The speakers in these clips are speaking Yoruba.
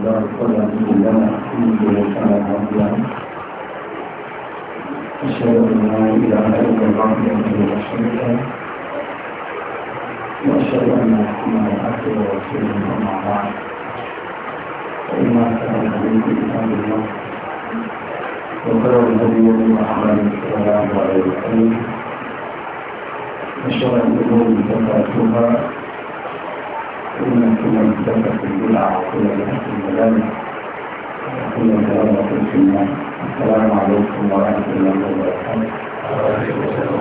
الله صلى الله عليه وسلم أشهد أن لا إله إلا الله وحده لا شريك له وأشهد أن محمدا عبده ورسوله أما بعد فإن أحسن الحديث كتاب الله وخير الهدي محمد صلى الله عليه وسلم وشر الأمور محدثاتها إن كل مدفع في البدعة وكل بدعة ضلالة وكل ضلالة في النار السلام عليكم ورحمة الله وبركاته. وعليكم السلام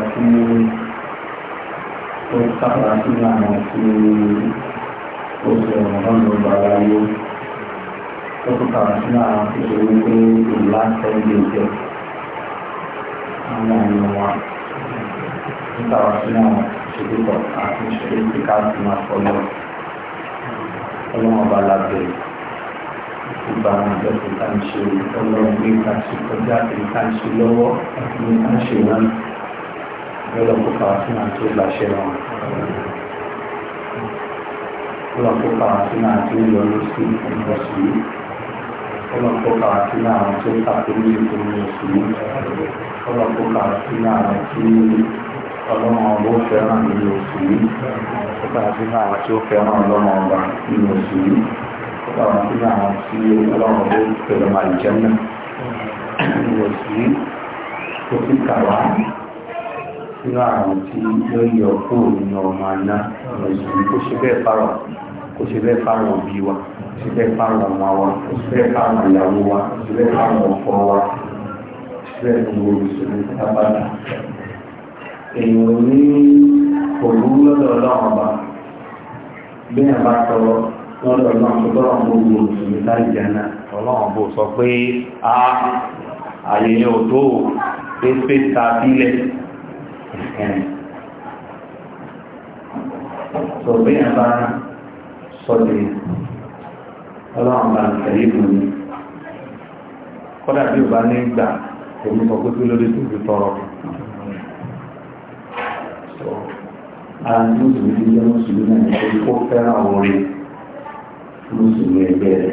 ورحمة ó sábà sí àwọn tí ó ṣe ọ̀rọ̀ lọ́gbà láyé ó tó sábà sí àwọn tí ó ṣe wípé ìlú láti ẹgbẹ́ ìjẹ́ láàrin wọn nígbà wá sí àwọn ìṣèlúpọ̀ àti ìṣẹ̀lẹ̀ tí káàkiri máa fọlọ́ ọlọ́run ọba lábẹ́ gbogbo àwọn àjọṣe tá ń ṣe ọlọ́run ní ìkàṣe kọjá àti ìkàṣe lọ́wọ́ àti ìkàṣe wọn lọ́dọ̀ kó kàwá sí àti ìlàṣẹ wọn lọ́dọ̀ kó kàwá sí àti ìlọ́lọ́sí ìlọ́sí yìí ọlọ́pọ̀ọ́kà àti náà tó kàkiri ìpinnu òṣèlú ọlọ́pọ̀ọ́kà àti náà tí ọlọ́run ọba ó fẹ́ràn nínú òṣèlú ọlọ́pọ̀ọ́kà àti náà tí ó fẹ́ràn ọlọ́run ọba nínú òṣèlú ọlọ́run àti náà tí ọlọ́run ọba ó fẹ́ràn àlùjẹ́mẹ̀ nínú òṣèlú tó fi kàwá nínú àrùn tí yóò yọ kúrò nínú ọmọ àná òṣèlú kó ṣe bẹ́ẹ̀ fárọ̀ kó ṣe bẹ́ẹ̀ fárọ̀ òbí wa síbẹ̀ fáwọn ọmọ wa síbẹ̀ fáwọn ìyàwó wa síbẹ̀ fáwọn ọkọ wa síbẹ̀ gbogbo ìṣòro tábàlà èèyàn ní òru lọ́dọ̀ ọlọ́run ọba bí ẹ̀ bá tọrọ lọ́dọ̀ ọlọ́run tó tọrọ gbogbo ìṣòro láì jẹ́ náà ọlọ́run bò sọ pé a àyè yẹn ò tó pépé ta sílẹ̀ sọ bí ẹ̀ bá sọ de ọlọ́run bá ń tẹ̀lé ìlú ni kọ́dà bí ò bá ní gbà èmi sọ pé kí lóde tó fi tọrọ àti mùsùlùmí ti jẹ́ mùsùlùmí náà nítorí kó fẹ́ràn orí mùsùlùmí ẹgbẹ́ rẹ̀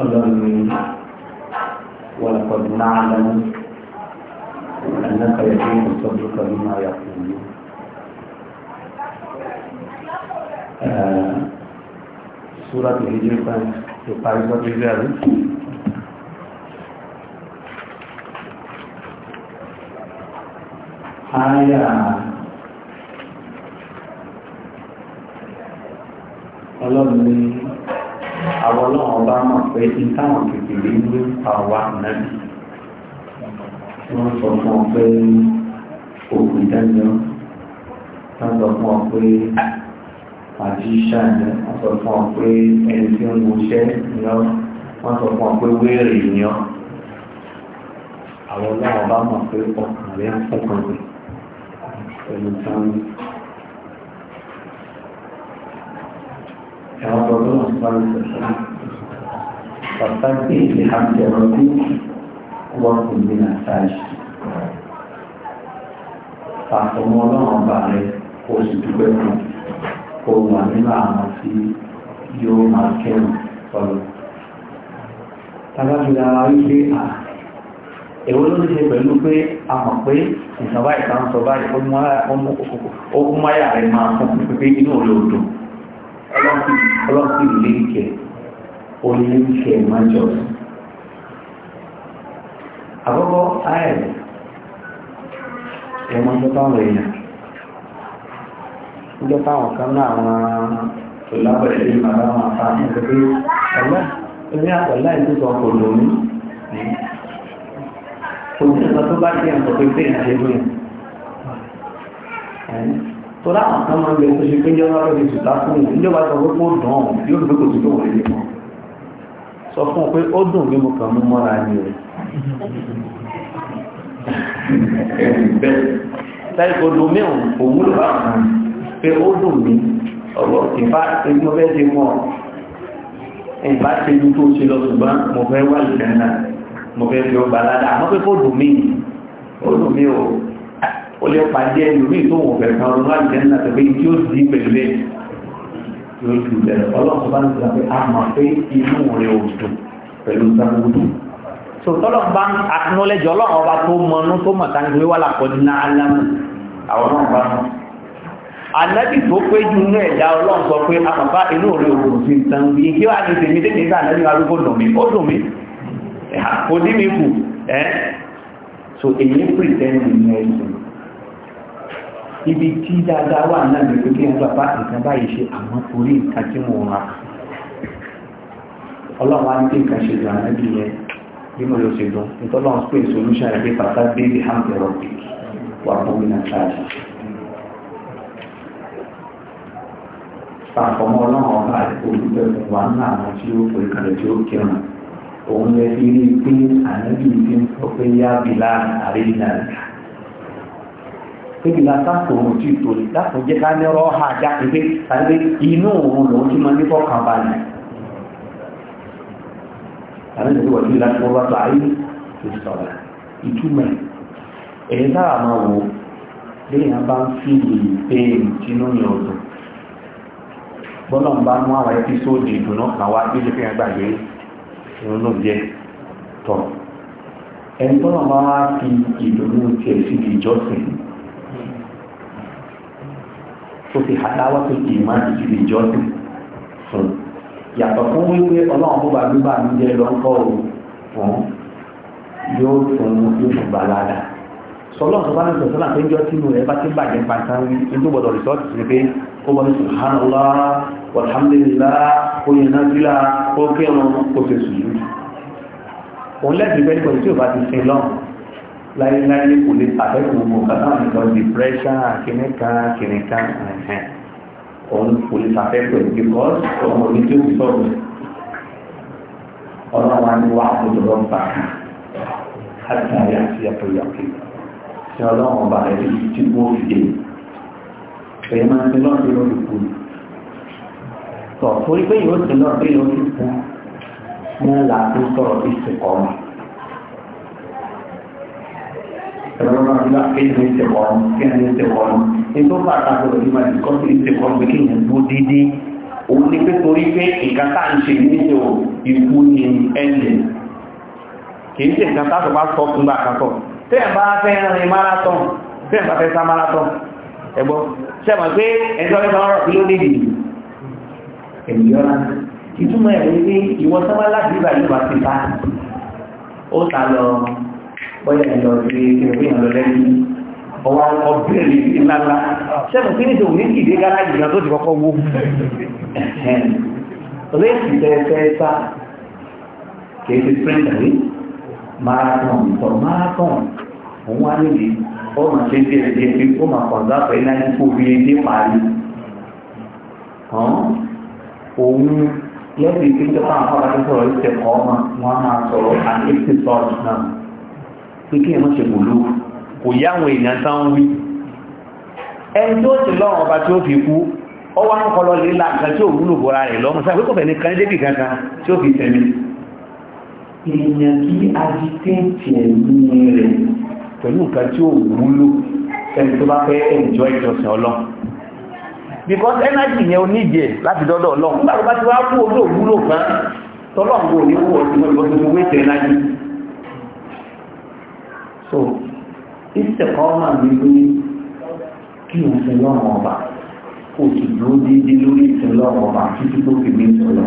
قدرني ولقد نعلم أنك يكون صدرك بما يقول سورة آه، الهجرة يقال سورة الهجر يعني. آية الله àwọn ọlọ́run ọba mọ̀ pé ní táwọn kékeré ní àwa nàbí wọ́n sọ fún ọ pé òkú ìdájọ́ wọ́n sọ fún ọ pé magician wọ́n sọ fún ọ pé ẹni tí ó ń wọṣẹ́ lọ wọ́n sọ fún ọ pé wéèrè ni àwọn ọlọ́run ọba mọ̀ pé ọkùnrin ọkùnrin pẹ̀lú táwọn. كما تقول الله سبحانه فاستمتع بحمد ربك وكن من الساجدين fàtọmọ ọlọ́run ọba rẹ kó o sì dúpẹ́ fún kó o wà nínú àwọn tí yóò máa kẹ́rù ọlọ. tábàbíra wípé à èwo ló ti ṣe ọlọ́sìn ilé ìkẹ́ olè ìkẹ́ ìmájọ́ àkọ́kọ́ ayẹ̀ ẹ̀mọ́ ìjọba àwọn èèyàn ìjọba àwọn kan náà àwọn tòlábẹ̀rẹ̀ ní bàbá àwọn àfáàní ìgbẹ́ ẹ̀lẹ́ ẹ̀mí àpẹ̀lá ìlú sọ kò lómi kò sí ẹ̀sọ́ tó bá jẹ́ ẹ̀sọ́ pé bẹ́ẹ̀ ṣe lóyìn tó láwọn kan máa ń bẹ̀rẹ̀ tó ṣe pé jọba rẹ̀ ti ta fún un ìjọba sọ pé kó dùn ún yóò gbé kò sí tó wọlé mọ́ sọ fún un pé ó dùn mí mo kàn mú mọ́ra ni o bẹ́ẹ̀ táyì kò dùn mí òun ló bá kàn pé ó dùn mí ọ̀rọ̀ ìfá ẹni mo fẹ́ mọ́ ìfá ṣe ju tó ṣe lọ ṣùgbọ́n mo fẹ́ wá ìfẹ́ mo fẹ́ fi ọgbà ládàá àmọ́ pé kó dùn mí ó dùn mí o ó lè pàdé ẹni orí tó wọ̀n bẹ̀rẹ̀ kan ọdún láti jẹ́nà tẹ̀lé tí ó di pẹ̀lẹ́ yóò ju bẹ̀rẹ̀ ọlọ́run bá ń sọ pé a mọ̀ pé inú rẹ̀ ò dùn pẹ̀lú sanwó-dùn so tọ́lọ̀ bá ń acknowledge ọlọ́run ọba tó mọnú tó mọ̀ tán gbé wà lápọ̀jù náà alámù àwọn náà bá mọ̀ ànábì tó pé ju inú ẹ̀dá ọlọ́run sọ pé àpapá inú rẹ̀ ò dùn sí nǹkan bí kí wàá ní tèmi tèmi sí so èyí pìtẹ́ nìyẹn ibi tí dáadáa wà náà lè gbé ẹgbẹ́ bá nǹkan báyìí ṣe àwọn orí nǹkan tí mo ra ọlọ́run á ní kí nǹkan ṣe dùn ànábì yẹn bí mo lọ ṣe dùn nítorí wọn pàtàkì wà náà ọlọ́run ọba olùgbẹ́ wà ní àwọn tí ó pè kalẹ̀ tí i pé ń pébi látàkùn òun tí ìtò lè dákùn jẹ́ ká ní ọ̀rọ̀ ọ̀hà jáde pé tàbí inú òun lòun tí máa ní fọ́kàn balẹ̀. àmì ìdíwọ̀ wọ̀nyí láti wọ́n bá tó ayé ìsọ̀rọ̀ ìtumọ̀ ẹ̀yìn sára máa wò lẹ́yìn bá ń fi ìpè ìtinú yẹn ọ̀dọ̀ bọ́lọ̀ ń bá mú àwọn ẹpísóòdì ìdùnnà kan wá bí ṣe fi hàn gbàgbé ìrònú jẹ tọ̀ ẹni tọ́lọ̀ máa fi ìdùnnú tiẹ̀ sí ìjọsìn tó hadawa àdáwà tó kì í má ti fi jọ sí fún yàtọ̀ fún wípé ọlọ́run bó ba gbígbà mi jẹ́ lọ́kọ́ o fún yóò fún yóò fún balada sọlọ́n tó bá ní sọ̀tọ́lá pé ń jọ sínú rẹ̀ bá ti ń bàjẹ́ pàtàkì wí ní tó gbọdọ̀ rìsọ́ọ̀tì sí pé ó bọ́ ní subhanallah walhamdulillah ó yẹ náà sílá ó kí ọmọ kó ṣe sùúrù òun lẹ́sìn bẹ́ẹ̀ pẹ̀lú tí ò bá ti sin lọ́run láyéláyé kò lè pàtẹ́kùn mọ̀ kàtà nìkan depression kìnìkan kìnìkan ẹ̀hẹ́n òun kò lè pàtẹ́kùn because ọmọ mi tó ń sọ̀rọ̀ ọlọ́wà ni wà àkójọ lọ́n bá kà láti àyè àti àpòyàpè tí ọlọ́wọ̀n bá rẹ̀ tí wọ́n fi dé ẹ̀yẹ máa ti lọ́n fi lórí kú tọ̀ torí pé yóò ti lọ́n fi lórí kú mọ́ làákú sọ̀rọ̀ ìsìnkọ́ mi. ẹ̀rọ náà nígbà kéèyàn ń tẹ̀kọ́rọ́ kéèyàn ń tẹ̀kọ́rọ́ ní tó bá àtàkùn rẹ̀ nígbà tí kọ́ sí ń tẹ̀kọ́rọ́ pé kéèyàn dúró déédéé òun ni pé torí pé nǹkan tá à ń ṣe nílé o ìkú ni ẹ̀jẹ̀ kì í ṣe nǹkan tá a sọ bá sọ fún bá kan sọ tẹ́ ẹ̀ bá fẹ́ rin marathon tẹ́ ẹ̀ bá fẹ́ sá marathon ẹ̀gbọ́ ṣe mọ̀ pé ẹ̀jọ́ ẹ̀jọ́ ọ̀rọ̀ kí ló lè dì ẹ̀mìyọ́ra ìtumọ̀ ẹ̀ ní ìwọ sábà láti ìgbà yóò bá ti bóyá ẹ̀lọ sí ìwé ìlọ lẹ́yìn ọwọ́ ọ̀bẹ̀rẹ̀ ìlànà sẹ́nu kí ní tó ní ìdí gára ìgbìyà tó ti kọ́kọ́ wó rẹ́ẹ̀sì tẹ́ẹ̀fẹ́ sá kèéfì píríntàrí marathon marathon òun wá níbi ó mà ṣe díẹ̀ díẹ̀ pé ó mà kọ̀ǹdà pé náà ní kó bí ẹdí parí òun lẹ́sìn tí ń tẹ́pá àwọn afọ́lá tó sọ̀rọ̀ ìṣẹ̀kọ́ wọn máa sọ̀rọ̀ àti ìṣẹ̀kọ́ náà pé kí ẹ̀mọ́ ṣe pòlú kò yá àwọn èèyàn tán wí ẹni tó ti lọ́rùn ọba tí ó fi kú ọ wá ń kọlọ lílà kan tí ò wúlò bọ́ra rẹ̀ lọ́mọ sáà pẹ́kọ̀ọ́ bẹ̀ni kan débì kankan tí ó fi tẹ̀mí èèyàn kí agitẹ́ǹtì ẹ̀mí rẹ̀ pẹ̀lú nǹkan tí ò wúlò ẹni tó bá fẹ́ ẹ̀jọ́ ìjọsìn ọlọ́ because energy yẹn oníjẹ láti dọ́dọ̀ ọlọ́ nígbà tó bá ti wá kú ojú òwúlò kan tọ́lọ́ so ìsẹ̀kọ́mà ní pé kí n sin lọ́wọ́ ọba kò sì dúró dídí lórí ìsin lọ́wọ́ ọba títí tó fi mí sọ lọ.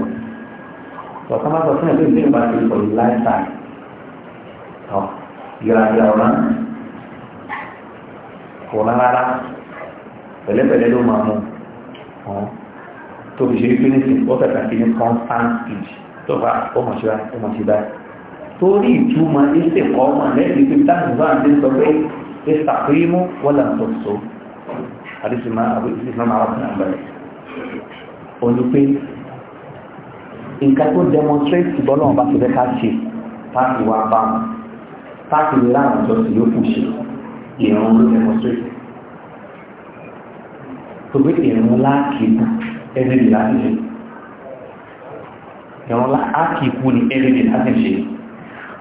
Bọ̀dá máa sọ fún ẹgbẹ́ ìdílé ìbá ti sọ yìí láìsáì. Tọ́ yàrá ọ̀rá kò rárá pẹ̀lẹ́pẹ̀lẹ́ ló máa mú tó fi ṣe é pé ní sin ó fẹ̀ka ní constant speed tó bá ó mọ̀ sí ó mọ̀ sí báyìí torí ìtumọ̀ ẹsẹ̀ ọmọ lẹ́yìn pé dáhùnbá àti sọ pé ìsàkírímù wọ́là tọ̀tọ̀ àdísìmá àwọn àbẹ̀rẹ̀ olùpé nǹkan tó demonstrate bọ́lọ̀ ọba ti fẹ́ká ṣe táàkì wá bá wọn táàkì lè ráwọn ọjọ́ sí yóò fún ṣe ìrún ló demonstrate tó gbé ìrún láàkìkù ẹni láti ṣe ìrún láàkìkù ni ẹni láti ṣe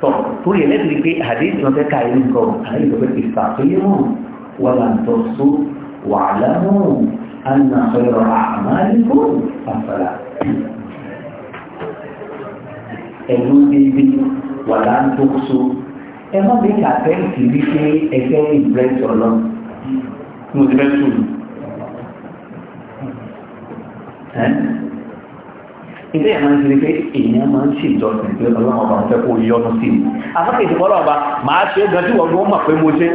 tọ̀ torí ẹ̀ lẹ́tìrí pé àdéhùn ọ̀fẹ́ ká ìlú kan àárín ìlú pẹ̀lú ìfàfihàn wà láǹtọ̀ só wà láhùn àná ọ̀rọ̀ àmàlìkò àfàlà ẹ̀lú débi wà láǹtọ̀ só ẹ má bí kàfẹ́ ti rí pé ẹgbẹ́ ìbẹ́sọ̀ lọ mo ti fẹ́ sùn ilé ẹ̀ máa ń ṣe pé èèyàn máa ń ṣe ìjọsìn pé ọlọ́run ọba fẹ́ kó yọnu sí i àfọ́kì ìdìbò ọlọ́run ọba máa ṣe é gan tí wọ́n gbọ́n mọ̀ pé mo ṣe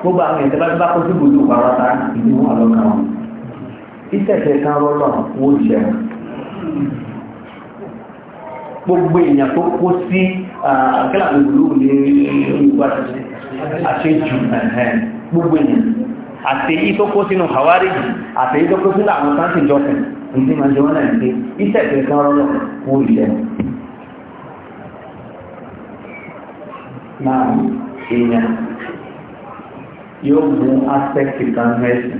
gbogbo àwọn ìjọba tó bá kó sí gbogbo pàwọ́ta ìlú wọn lọ́kàn wọn ìṣẹ̀ṣẹ̀ kan rọ́lọ́ wọ́n jẹ́ gbogbo èèyàn tó kó sí àkẹ́làgbègbè lóòrùn ní ìlú àṣejù gbogbo èèyàn àtẹ̀yí tó kó sínú hawari àtẹ̀yí tó kó sínú àwọn sáńtì jọ́sìn ìdí máa jẹ́ wọ́n náà ṣe iṣẹ́ ìfẹ́ kan rọ́lọ́ kú ìṣẹ́ náà èèyàn yóò mú aspect kan mẹ́sìn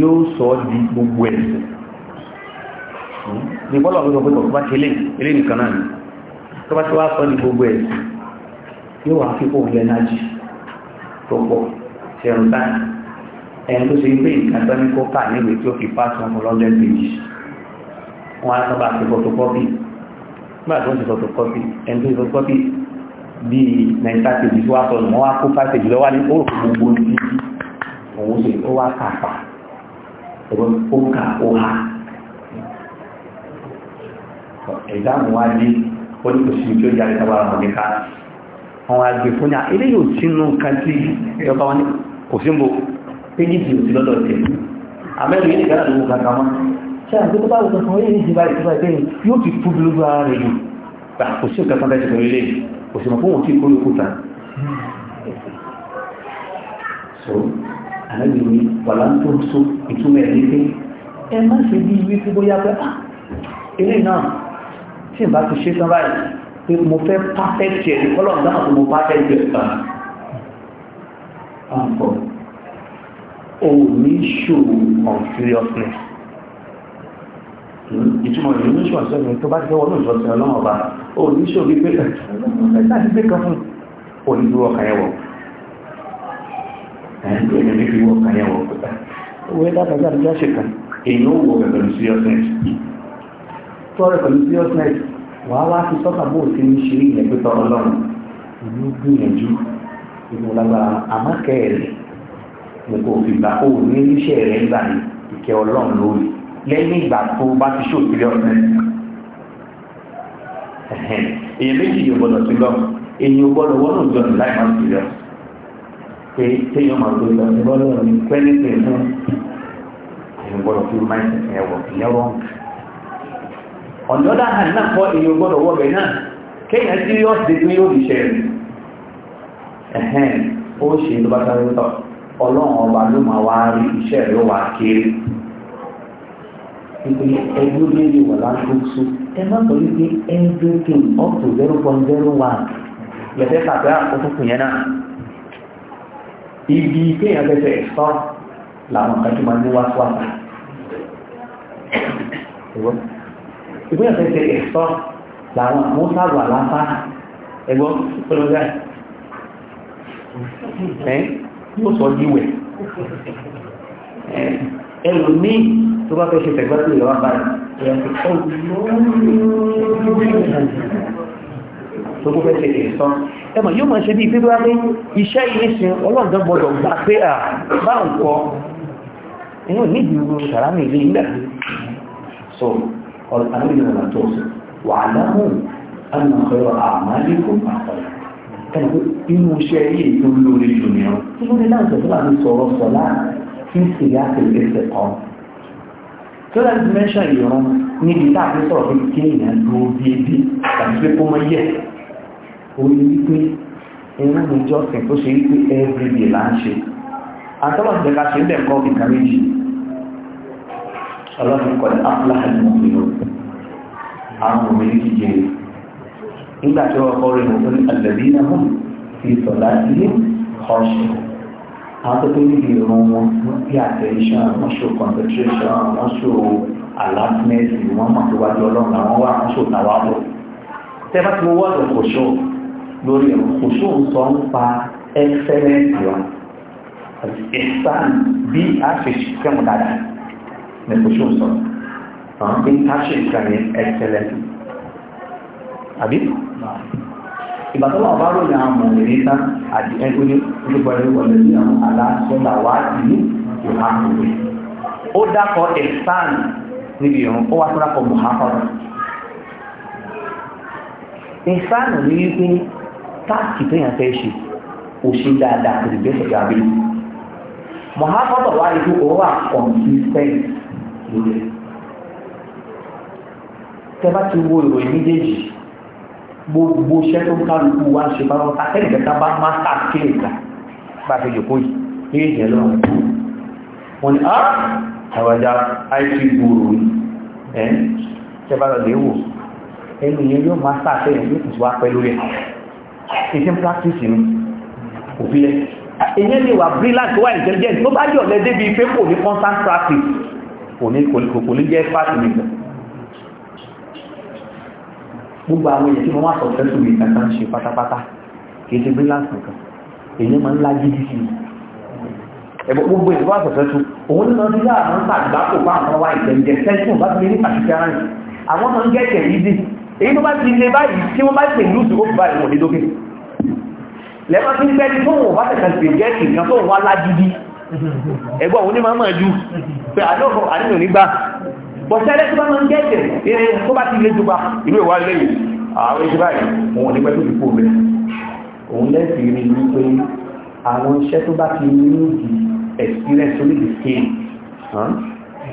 yóò sọ di gbogbo ẹ̀sìn ní bọ́lọ̀ ló sọ pé tọ̀tọ̀ bá ṣe nìkan náà ni tó bá ṣe wá sọ di ṣẹ̀rùbá ẹni tó ṣe pé nǹkan tó ní kó kà níwèé tí ó fi pàṣẹ ọmọ lọ́dẹ̀ péjì wọn á sábà ṣe fọtokọ́pì nígbà tó ń ṣe fọtokọ́pì ẹni tó ṣe fọtokọ́pì bí nàìjíríà péjì tó wá sọ nù wọn wá kó fáṣẹ jùlọ wá ní òòrùn gbogbo tí òun ṣe ó wá kà kò sí mo péjì tí o ti lọ́dọ̀ tẹ̀ amẹ́rin yìí nìkan àdúgbò kankan mọ́ ṣé àti tó bá wù kankan yìí ní ìjìbá ìjìbá ìbẹ́yìn yóò ti tú lójú ara rẹ̀ yìí gbà kò sí nǹkan kan bẹ́ẹ̀ tẹ̀lé lé kò sí mọ̀ fún òun tí kó lóko ta so alẹ́bí mi wà láńtó so ìtumọ̀ ẹ̀ lépe ẹ má ṣe bí ìwé tó bóyá pé ah eléyìí náà tí n bá ti ṣe tán báyìí pé mo fẹ́ pàfẹ́tì ẹ̀ kọ́lọ̀ dáhùn mo àpọ̀ o ní show of seriousness ìtumọ̀ ìlú ní ṣùgbọ́n sẹ́yìn tó bá ti fẹ́ wọ́n ìjọsìn ọlọ́run ọba o ní show bí pé láti gbé kan fún o ní dúró ọkàn yẹn wọ̀ ẹ̀ẹ́dẹ́ ẹ̀mí fi wọ́ ọkàn seriousness tọ́rẹ̀ pẹ̀lú seriousness wàá wá ti sọ́kà bó o ti ń ṣe ìyẹn pé inú lágbára àmọ́kẹ́ rẹ̀ ní kò fi gbà kó ní iṣẹ́ rẹ̀ gbà ní ìkẹ́ ọlọ́run lórí lẹ́yìn ìgbà tó bá ti ṣòkiri ọ̀sẹ̀ èyí méjì yóò gbọdọ̀ sí lọ èyí ò gbọdọ̀ wọ́n náà jọ̀nù láì máa sí lọ pé téèyàn máa gbé lọ sí gbọdọ̀ ní pẹ́ẹ́lẹ́pẹ́ fún èyí gbọdọ̀ fi máa ń sẹ̀sẹ̀ ẹ̀wọ̀ ìyẹn wọ́n. ọ̀nà ọ̀dà hàn náà kọ́ èyí gbọdọ̀ wọ́ bẹ̀ náà kéèyàn tí yóò ṣe yóò fi ṣẹ̀rẹ̀ ẹ̀hẹ́n ó ṣe tó bá sáré tọ̀ ọlọ́run ọba ló máa wá rí iṣẹ́ rẹ̀ wá kéré pípé ẹgbẹ́ obìnrin wà lágbóso ẹ má sọ wípé everything up to zero point zero one lẹ́fẹ́ kàfẹ́ àkókò ah, yẹn náà ibi kéèyàn fẹ́fẹ́ ẹ̀fọ́ làwọn kan tó máa ní wáṣọ àgbà ìgbéyàwó fẹ́fẹ́ ẹ̀fọ́ làwọn kan sábà lápá ẹgbọ́n pẹ̀lú bẹ́ẹ̀ yóò sọ díwẹ̀ ẹlò ní tó bá fẹ́ ṣe tẹ̀gbọ́sí ìlọ́wà ẹmọ̀ yóò máa ṣe bí pé bá ní iṣẹ́ ìrìnṣin ọlọ́dọ̀ gbọdọ̀ gbà pé à bá ń kọ ẹ̀yìn ò ní ìdíwò sàrámì ilé ilẹ̀ so ọ̀rọ̀ àwọn ìrìnà wà láàrín àwọn ọ̀rọ̀ àmàlẹ́kùn àpọ̀lẹ̀ ẹnìkú inú iṣẹ́ yìí tó lórí jù ní ọ tí wọ́n ní láti tó láti sọ̀rọ̀ sọ̀lá tí ń sì láti ẹsẹ̀ kan tó láti ti mẹ́ṣà ìran níbi tá a fi sọ̀rọ̀ pé kí èèyàn dúró déédéé tàbí pé kó mọ yẹ orí wípé inú mi jọ́sìn nígbà tí wọ́n kọ́ rẹ̀ mọ̀ ní àgbẹ̀bínà hàn fi sọ láti ní ọ̀ṣẹ̀ àwọn tó tó níbi ìran wọn bí attention wọ́n ṣò concentration wọ́n ṣò alertness wọ́n mọ̀ tó wájú ọlọ́run làwọn wà wọ́n ṣò tàwa bọ̀ tẹ́ bá wọ́n wọ́ọ̀dọ̀ kò ṣó lórí ẹ̀rọ kò ṣó ń sọ ń pa excellence wa ìsàn bí a ṣe ṣiṣẹ́ mọ̀ dáadáa ní kò ṣó ń sọ àwọn bí excellence àbí ìbátọ́lá ọba rò ní àwọn mọ̀lẹ́rí tán àti ẹgbẹ́ ní gbogbo ẹ̀rọ wọlé ní àwọn aláṣọ́lá wá sí ìhà òwe ó dákọ̀ ẹ̀sán níbi ìrún ó wá sọ́dọ̀ kọ̀ mùhàfàdà ẹ̀sán ní wípé táàkì tó yàn fẹ́ ṣe ò ṣe dáadáa kò sì gbé sọ̀rọ̀ àbí mùhàfàdà wá ní ó wà consistent lórí tẹ́ bá ti wo ìròyìn méjèèjì gbogbo iṣẹ́ tó ń kálukú wá ń ṣe bá wọn tàkẹ́lì kẹta bá má tàkẹ́lì ká bá fi jòkó yìí ní ìjẹ́ lọ́wọ́ wọn ni ah àwàdà àìsí gbòòrò ẹ̀ ṣẹba lọ léwò ẹnu yẹn yóò má tàkẹ́lì yóò tún wá pẹ́ lórí ẹ̀ ṣe ń practice ni òfin lẹ ìyẹn wà brilliant wà intelligent tó bá yọ̀ lẹ́dẹ́bí pé kò ní constant practice kò ní jẹ́ fásitì nìkan gbogbo àwọn èyí tí wọ́n wà sọ̀tẹ́sù mi kàtà ń ṣe pátápátá kìí ṣe brilliance nìkan èyí máa ń lájí dí sí ẹ̀bọ̀ gbogbo èyí wà sọ̀tẹ́sù òun nínú ọdún yára máa ń tàgbákò bá àwọn wá ìjẹ̀jẹ̀ sẹ́sùn bá ti ní pàṣípẹ́rẹ́ǹsì àwọn máa ń gẹ̀ẹ́kẹ̀ yìí dì èyí tó bá ti lè báyìí tí wọ́n bá ti lù sí òkú báyìí wọ̀n dídókè lẹ́gbọ́n tí ń pẹ́ ní tóun wá tẹ̀kẹ̀ sí gẹ́ẹ̀kì kan bọ̀tẹ́lẹ́ tó bá máa ń gẹ́gẹ̀ ìrìn tó bá ti lé jùgbà ìlú ìwà lẹ́yìn àwọn iṣẹ́ báyìí òun ní pẹ́lú ìpò rẹ̀ òun lẹ́sì rí ní pé àwọn iṣẹ́ tó bá ti ní ìdí experience orí the scale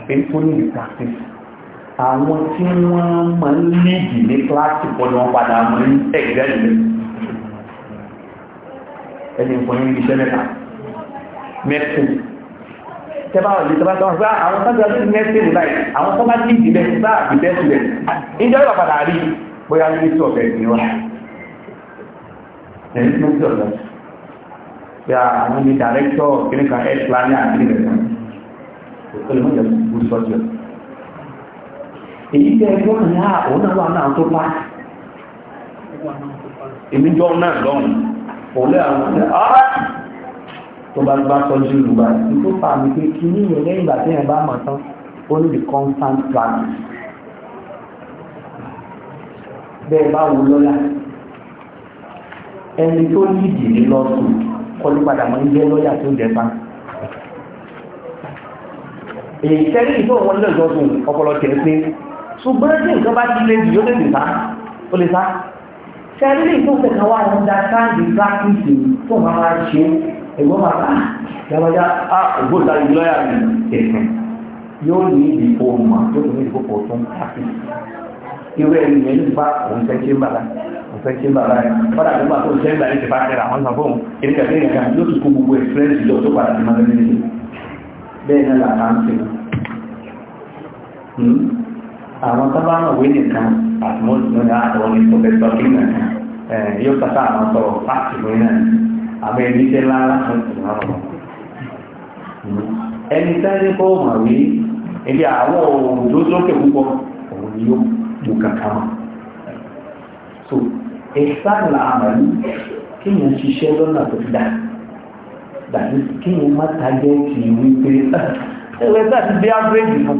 pé tó ní the practice àwọn tí wọ́n máa ń léèdì ní kíláàsì pọ̀lú wọn padà mọ́ ní ẹgbẹ́ ìlú ẹni nǹkan ní iṣẹ́ mẹ́ta tẹ́bá ọ̀lẹ́ tẹ́bá tọ́wọ́n sá àwọn sọ́jà tó ní ẹ́sẹ̀ nílá yìí àwọn sọ́jà tí ìdílé sá ìdílé sílẹ̀ ìjọ yóò padà rí bóyá ní tí ọ̀bẹ ní wa ẹ̀rí tí ó ti ọ̀dọ̀ bí àwọn ní dàrẹ́kítọ̀ kìnnì kan ẹ̀ plánì àti ìrẹ̀ kan kò lè mọ̀jẹ̀ kú sọ́jà èyí tẹ́ ẹgbọ́n náà òun náà wà náà tó pa èmi jọ náà lọ́rùn òun lẹ́ tó bá gbá tọ́jú ìgbà tí tó fà mí pé kí níyẹn lẹ́yìn ìgbà tí yẹn bá mọ̀ tán ó ní the constant practice. bẹ́ẹ̀ bá wo lọ́la ẹni tó ní ìdílé lọ́sùn kọ́lé padà máa ń jẹ́ lọ́ọ̀yà tó jẹ́ bá. èyí tẹ́lẹ̀ ìfọ̀ wọn lọ́jọ́ sùn ọpọlọ tẹ̀ pé ṣùgbọ́n tí nǹkan bá ti jù yóò lè sá ó lè sá. ṣe àdéhùn ìfọ̀sẹ̀káwá ọ̀dà sáǹdì practice tó máa ṣe é ẹ̀gbọ́n máa ká yàwájá á ògbóǹtarì lọ́yà mi ẹ̀sìn yóò ní ìdí òmà yóò ní ìdí òpó tó ń káfí irú ẹni yẹn ní bá òun fẹ́ ṣe ń bàrà òun fẹ́ ṣe ń bàrà ẹ̀ fọ́dà tó bá tó ń ṣe ń bàrà ẹ̀ ti bá tẹ̀ra àwọn ìsàn fóun èmi kàfé yẹn kan yóò tún kó gbogbo ẹ̀fúrẹ́ǹsì jọ tó padà sí máa lẹ́nu bẹ́ẹ̀ náà làwọn ń ṣe hmm? àwọn sábà náà wé nìkan àtúmọ̀tì náà àwọn ìsọ̀fẹ́ sọ́kì náà yóò tàkà àwọn sọ̀rọ̀ fáàtì wé náà àmọ́ ẹni tẹ́ lára kan tì máa rọ̀ ẹni tẹ́lẹ̀ bọ́ mà wí ibi àwọn òun tó sókè púpọ̀ òun ni yóò mú kàkà mà so ẹ̀sán là àmà yìí kí ni ṣiṣẹ́ lọ́nà tó dá dàbí kí ni má tàgẹ́ tì í wípé ah, ẹ̀rẹ́ sáà ti dé ábúrẹ́jì fún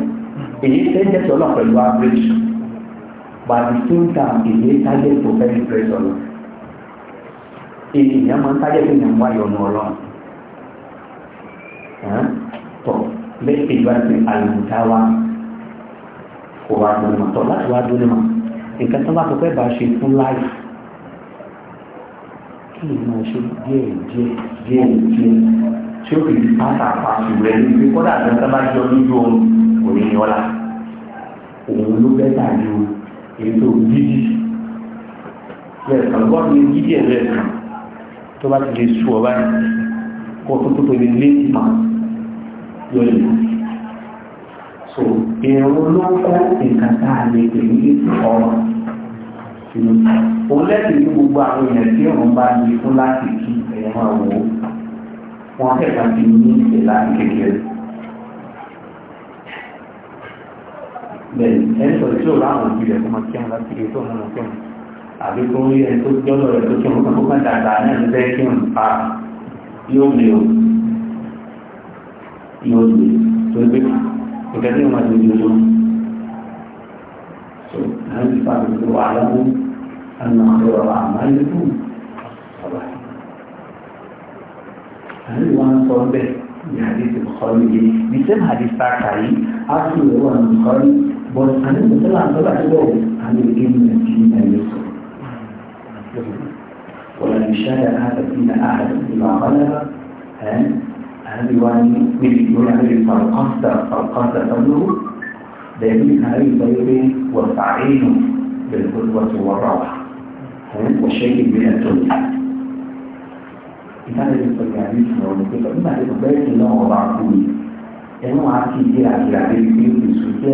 èyí tẹ́ jẹ́ sọ́nà pẹ̀lú ábúrẹ́jì but the same time èyí tàgẹ́ tó fẹ́ẹ́ pẹ́ sọ́nà èèyàn máa ń sáyé pé èèyàn wá yọnu ọlọ́run tọ lẹ́yìn ìgbà tí àlùmọ̀tá wa kò wá dúró mà tọ́ láti wá dúró mà nǹkan tó bá fẹ́ bá ṣe fún láì kí ni máa ṣe díẹ̀ díẹ̀ díẹ̀ díẹ̀ tí ó fi pátápátá rẹ̀ ní pé kọ́dà tó ń sábà jọ lójú oorun kò ní ní ọ̀la òun ló bẹ́ tà ju èyí gidi rẹ̀ kàn gbọ́dọ̀ ní gidi rẹ̀ kàn tó bá ti lè sú ọ báyìí kó tó tó lè lé mà lórí so èrò ló kó nǹkan tá a lè pè ní ọ̀rọ̀ òun lẹ́sìn ní gbogbo àwọn èèyàn tí òun bá ní fún láti kí ẹ̀yàn máa wò ó wọn kẹta ti ní ìlà kékeré bẹ́ẹ̀ ẹni sọ̀rọ̀ tí ò láwọn òbí rẹ̀ kó máa kí wọn láti kí tó ń mú wọn kí àbí kó rí ẹni tó jọ́lọ̀ rẹ̀ tó kírun kan tó kàn dàgbà náà ní fẹ́ kírun pa yóò lè o yóò lè tó gbé ìfẹ́ tí wọ́n ti dúró so àwọn ti fa gbogbo wàhálà mú àwọn àwọn ọ̀rọ̀ àmàlẹ́kù ọ̀rọ̀ àwọn ìwà ń sọ bẹ́ẹ̀ ní hadith bukhari yìí the same hadith bàtà yìí a sì wọ́n bukhari but àwọn ìwà ń sọ bàtà yìí wọ́n àmì ìgbìmọ̀ ìgbìmọ̀ ìgbìmọ̀ ولم يشاهد هذا فينا أحد إلا غلب هذه وان من هذه الفرقات الفرقات تبدو دليل هذه الضيبة والتعين بالقدوة والروح والشيء من الدنيا إذا هذه التجارب والمكتب إما هذه البيض اللي هو وضعتني عاكي àti عاكي àgbàdé عاكي oṣù tí ẹ ṣe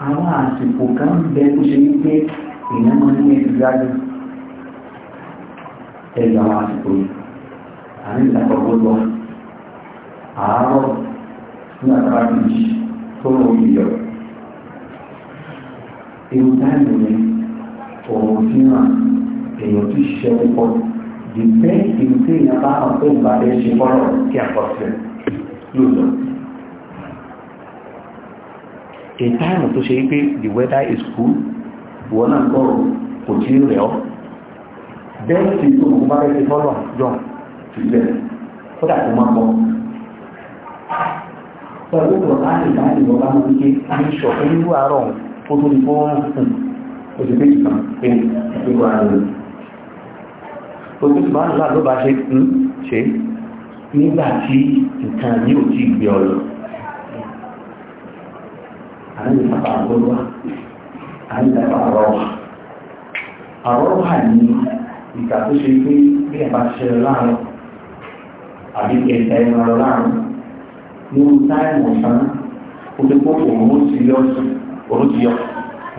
عاكي àwọn àsìkò kan bẹ kó ṣe ẹ̀rọ àwọn àsìkò yìí àní ìdàkọ̀kọ́ lọ àárọ̀ ní àtàrà bíjì tó lọ òye yọ ewu táìmù yẹn òun fi hàn èèyàn tó ṣiṣẹ́ púpọ̀ the best thing tí èèyàn bá hàn pé ìbàdàn ṣe fọ́rọ̀ kí àkọsílẹ̀ yóò lọ. a time tó ṣe wípé the weather is cool wọ́n náà kọ̀ kò tí ì rẹ̀ ọ́ bẹ́ẹ̀ tí tó mú bá bẹ́ẹ̀ fọ́lọ̀ jọ sílẹ̀ fọ́dà tó máa bọ̀. pẹ̀lú ọ̀rọ̀ láti láti lọ́ba mú wípé ní ṣọ̀fẹ́ nínú àárọ̀ ó tó ní fọ́ọ̀rùn fún oṣù méjì kan pé ìṣòro ara rẹ̀. oṣù tó máa ń bá ṣe ń hmm, ṣe nígbà tí nǹkan ní ò tí gbé ọ lọ. àwọn ìfapá àgbọ̀dọ̀ àwọn ìfapá àrọ̀ àrọ̀ wà ní ìgbà tó ṣe pé bí ẹ̀ bá ṣẹlẹ̀ láàárọ̀ àbí ẹ̀ka ẹ̀rọ láàárọ̀ nínú táìmù ọ̀sán ó ti kó òun ó ti yọ sí òun ti yọ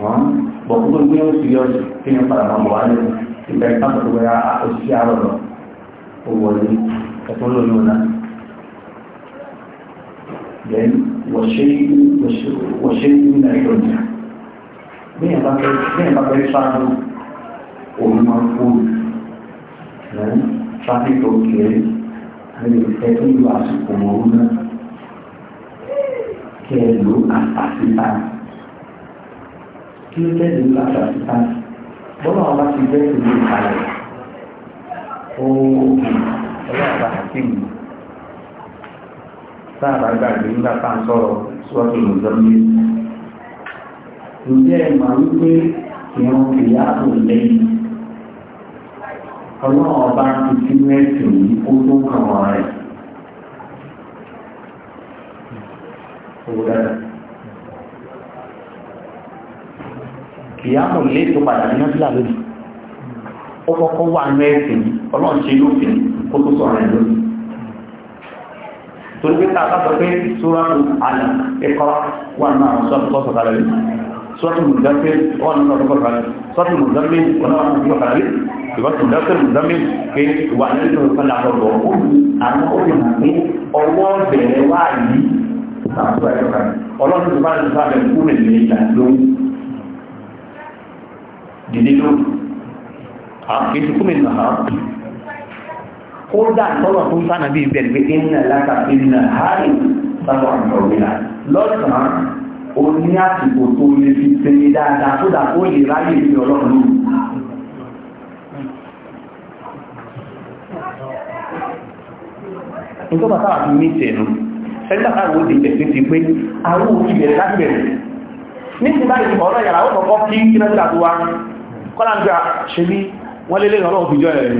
wọ́n bọ̀ kó gbé ó ti yọ sí kí ni padà máa bọ̀ wá lẹ́nu ìgbà ìgbà tó wẹ́ òṣìṣẹ́ àrọ̀ lọ ó wọlé ẹ̀kọ́ lórí ọ̀nà then wọ̀ṣẹ́ ìgbìmọ̀ ẹ̀rọ ìjà bí ẹ̀ bá fẹ́ sáájú òun máa ń kó ṣùgbọ́n tráfíkì òkèèrè àti ìfẹ́ tó lu àsìkò ọ̀hún náà kí ẹ lò àtàsíta kí ló tẹ̀lé lò àtàsíta bọ́lá ọba ti bẹ́ẹ̀ tó lè kalẹ̀ ooo ọlọ́ọ̀ba hakeem sáàbà gbàgbé nígbà tá à ń sọ̀rọ̀ síwájú ìlúzọ́mí ǹjẹ́ ẹ̀ máa ń pé ìrun kìí ààbò lẹ́yìn ọlọ́run ọba ti fi mẹ́sì yìí kó tó kàn wọ́n rẹ̀. kìyàmù lé tó padà ní nọ́sílà lónìí ó kọ́kọ́ wà ní ẹ̀sìn yìí ọlọ́run ṣe lófin kó tó sọ̀rọ̀ ẹ̀ lónìí torí pé tá a bá sọ pé súrọ́tù àlà ẹ̀kọ́ wà ní àwọn sọ́ọ̀tù tó sọ̀tà sọ́ọ̀tù mùsùlùmí ọ̀nà tó sọ̀tà lónìí sọ́ọ̀tù mùsùlùmí ọ̀nà tó sọ̀tà lónìí ṣùgbọ́n tó dọ́kítà lọ́mí pé wà nínú ìfọ́nà àtọ̀bọ̀ ó ní àwọn òyìnbó pé ọwọ́ bẹ̀rẹ̀ wá yìí sàtúwà ẹ̀ka ọlọ́run tó bá ń sábẹ̀ kú rẹ̀ lè gbà lóhùn dìde lóhùn àkíyèsí kú mi nà á kódà tọ́lọ̀ tó ń sáà nàbí ìbẹ̀rẹ̀ pé iná láta iná hárì sábà ọ̀gbìnà lọ́sàn-án ó ní àsìkò tó lè fi sinmi dáadáa tó dà ó lè ráyè sí ọlọ́run lóhùn nítorí bàtà àti ní ìtẹ̀nu sẹ́gbàtà àwọn òdì ìtẹ̀sí ti pé àwọn òkè bẹ̀rẹ̀ ní ti báyìí ọ̀rọ̀ yàrá ó kọ̀kọ́ kí kí tó wa kọ́lá ṣe bí wọ́n lé lẹ́yìn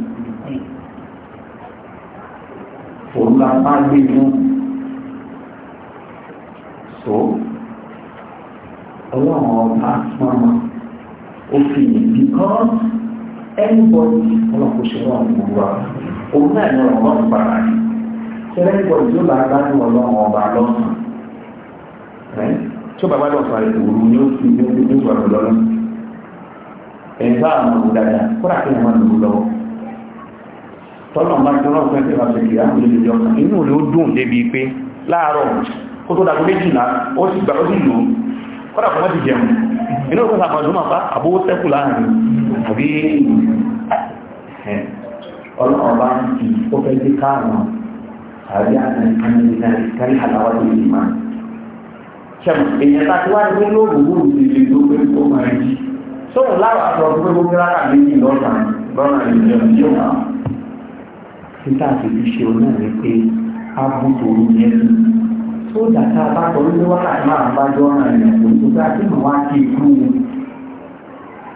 òun la bá gbé inú so ọlọ́run ọba pọ́nmọ ó Because anybody kan ẹnbọ̀dì ọlọ́kùn ṣe wọ́n gbogbo wa òun náà ní ọ̀rọ̀ wọn gbàrà ní ṣẹlẹ̀ ẹnbọ̀dì tó bá bá ní ọlọ́run ọba lọ́sàn-án tó bá bá lọ́sàn-án rẹ̀ òru ni ó fi ní ojú ìgbàlódọ́lọ́ ẹ̀ bá àwọn olùdarí kó rà kí ni wọ́n lò lọ́wọ́ tọ́lọ̀ bá jọ náà fẹ́ tẹ́lá ṣe kìí àwọn olùjọ inú rẹ̀ ó dùn débi pé láàárọ̀ kó tó dàgbé méjìlá ó sì gbà ó sì lò kọ́dà fún wọ́n ti jẹun inú òkú sàpàdún màpá àbówó sẹ́kù láàrin àbí ọlọ́ọ̀bá ti ó fẹ́ sí káàrùn àbí àtàrí àláwọ́ tó ti máa ṣẹ̀mù èèyàn tá ti wá ní ló gbogbo ti lè ló pé ó máa jí sóhun láàrọ̀ àtọ̀ tó títà àti fi ṣe ọ náà wípé a bú tòun yẹn tó dàtà bá sọ wípé wákàtí máa bá jọ ọ̀nà ìyàwó tó bá tí mo wá ti kú un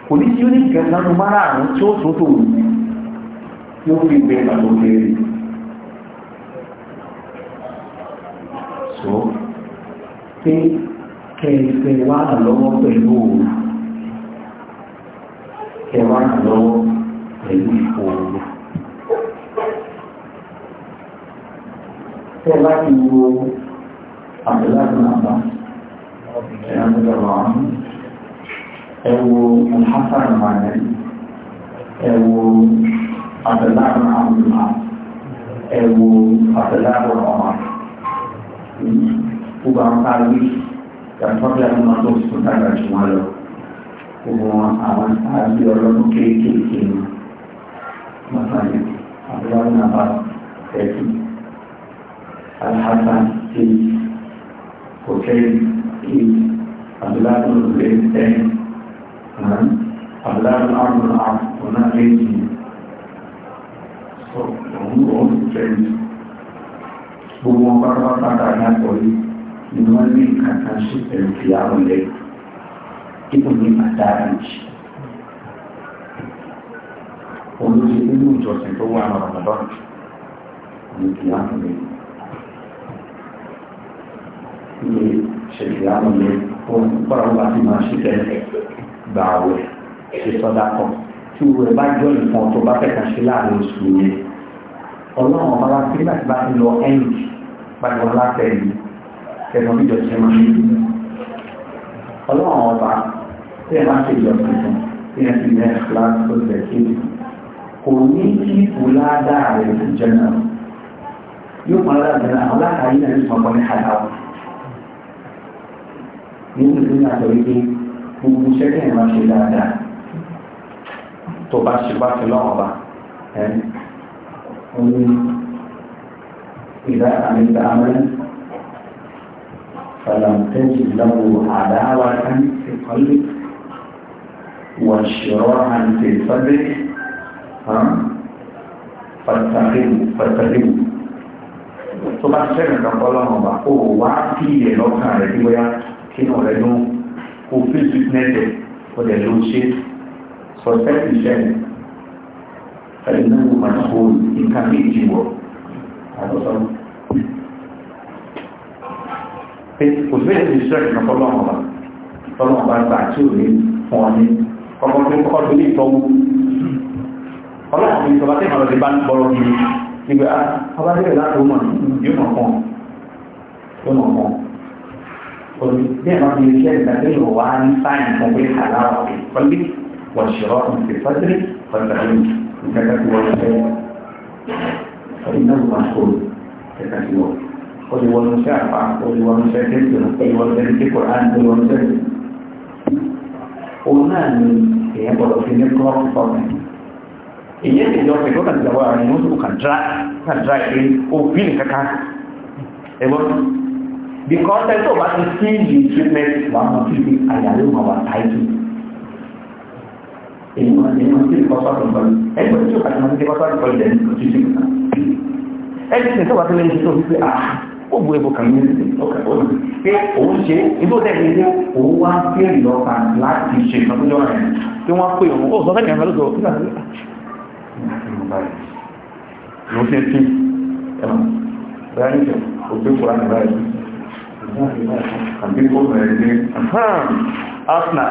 kò ní tí ó ní gẹ̀ẹ́sán ló máa tí ó tó tò wù yóò fi gbé pàtó kéré so pé kẹ̀ẹ̀fẹ̀ wà lọ́wọ́ pẹ̀lú òòrùn kẹ̀ẹ̀ wà lọ́wọ́ pẹ̀lú tẹ́ ẹ bá ti wo àbẹ̀láàbẹ̀ nàbà ẹ̀rọ̀dọ̀rọ̀ àmì ẹ wo alhassan mọ̀lẹ́ ẹ wo àbẹ̀láàbẹ̀ àmìlá ẹ wo àbẹ̀láàbẹ̀ ọ̀mà gbogbo àwọn káàrí yàtọ̀ bí àwọn ọmọ tó sùn dàgbà jù wọn lọ gbogbo àwọn káàrí ọlọ́dún kéékèèké ní mọ́tàlẹ́ àbẹ̀láàbẹ̀ nàbà ẹ̀dùn. Al-Hassan 8, Hussein 8, Abdullah bin Zubayr 10, Abdullah bin Amr al-As, Ona 18. So, òun ó ń tẹ̀lé. Gbogbo wọn pátápátá káàkiri àkọ́lé ni wọ́n ní nǹkan kan ṣe pẹ̀lú ìyàwó lẹ́yìn. Ibùn ní Màdáàjì. Olóṣèlú ìjọsìn tó wà ní Ramadan ní ìyàwó lẹ́yìn ní ṣèlè àwọn ilé ohun kọ́ra wọn ti máa ṣiṣẹ́ gbà wẹ̀ ṣe sọ́dá kan tí wọ́n bá jọ nǹkan tó bá fẹ́ kàn ṣe láàrin oṣù yẹn ọlọ́run ọba wa ti láti bá ti lọ ẹ́ǹdì pàdé wọn látẹ̀lé tẹ̀lé wọn níjọ tí wọ́n ṣe ọlọ́run ọba tí ẹ̀ ti yẹn láti tó tẹ̀ kéde kò ní kí ìfúládà rẹ̀ ti jẹ náà yóò pọn aládàá náà aláàkáyé náà nínú ìlú náà lọ wípé gbogbo iṣẹ́ kí ẹ̀ máa ṣe dáadáa tó bá ṣe bá fi lọ́wọ́ bá ẹ̀ ọ̀rẹ́ ìdá àmìta amẹ́ fàlàǹtẹ́jì lọ́wọ́ àdáwà kan ti kọ́lé wàṣírọ́ àti sọ́dẹ́ fàtàkìmù tó bá ṣiṣẹ́ nǹkan kọ́ lọ́wọ́ bá kó wá sí ilẹ̀ lọ́kàn rẹ̀ bí wọ́n yá kínú rẹ̀ ló ń kó fíìs fífínẹ́tẹ̀ ó dẹ̀ ló ń ṣe sọ̀tẹ́ẹ̀tì sẹ́ẹ̀ ẹ̀yìn náà wọ́n máa kó nǹkan méjì wọ̀ àtọ́sọ́ pé kò sí èdè ìṣẹ́ ìrìnà fọ́lọ́mọ̀ bá fọ́lọ́mọ̀ bá gbà tí ò ní fún ọ ní ọmọ tó kọ́ tó ní ìtọ́wú ọlọ́mọ̀ ní ìjọba tí ìmọ̀lọ́dé bá ń bọ́rọ̀ ní nígbà ọba dé láti ọmọ yóò mọ̀ kan yóò mọ̀ قل نعم الإنسان بدل وعن فعن تبريح العرق في قلبك وشراء في صدرك فالتعليم كتبت والشيء فإنه مشغول كتبت قل والمشافع قل والمشاكل قل والذلك القرآن قل والمشاكل قلنا أن يبقى في نقرأ في صدرك ìyẹn lè lọ pẹ̀lú ọ̀nà ìjọba àwọn ènìyàn tó kàn dra kàn dra ìpín òfin kankan ẹgbọ́n because ẹ tó bá ti sí ìlú treatment wà á mọ títí àyàlẹ́ òun àwọn àtàìtù èyí wọn èyí wọn tí kọ́ sọ́ọ̀tù bọ́ọ̀lù ẹgbẹ́ tí ó kàtí wọn ti kọ́ sọ́ọ̀tù bọ́ọ̀lù lẹ́nu tó ti sèkúta ẹgbẹ́ tí ó wà tó lẹ́yìn tó wípé à ah, ó bu ebo kàn ní ọkà ó lù pé òun ṣe ibò tẹ̀ ní pé òun wá sí ìlọ́pà láti ṣe ìfọ̀tọ́jọ́ rẹ̀ tí wọ́n pè òun ó sọ fẹ́ kẹ́kẹ́ lóṣù nígbà tó ló ṣe tí ẹ̀rọ ìgbà yìí òfin kura nígbà yìí àbí kó bẹ̀rẹ̀ ní arsenal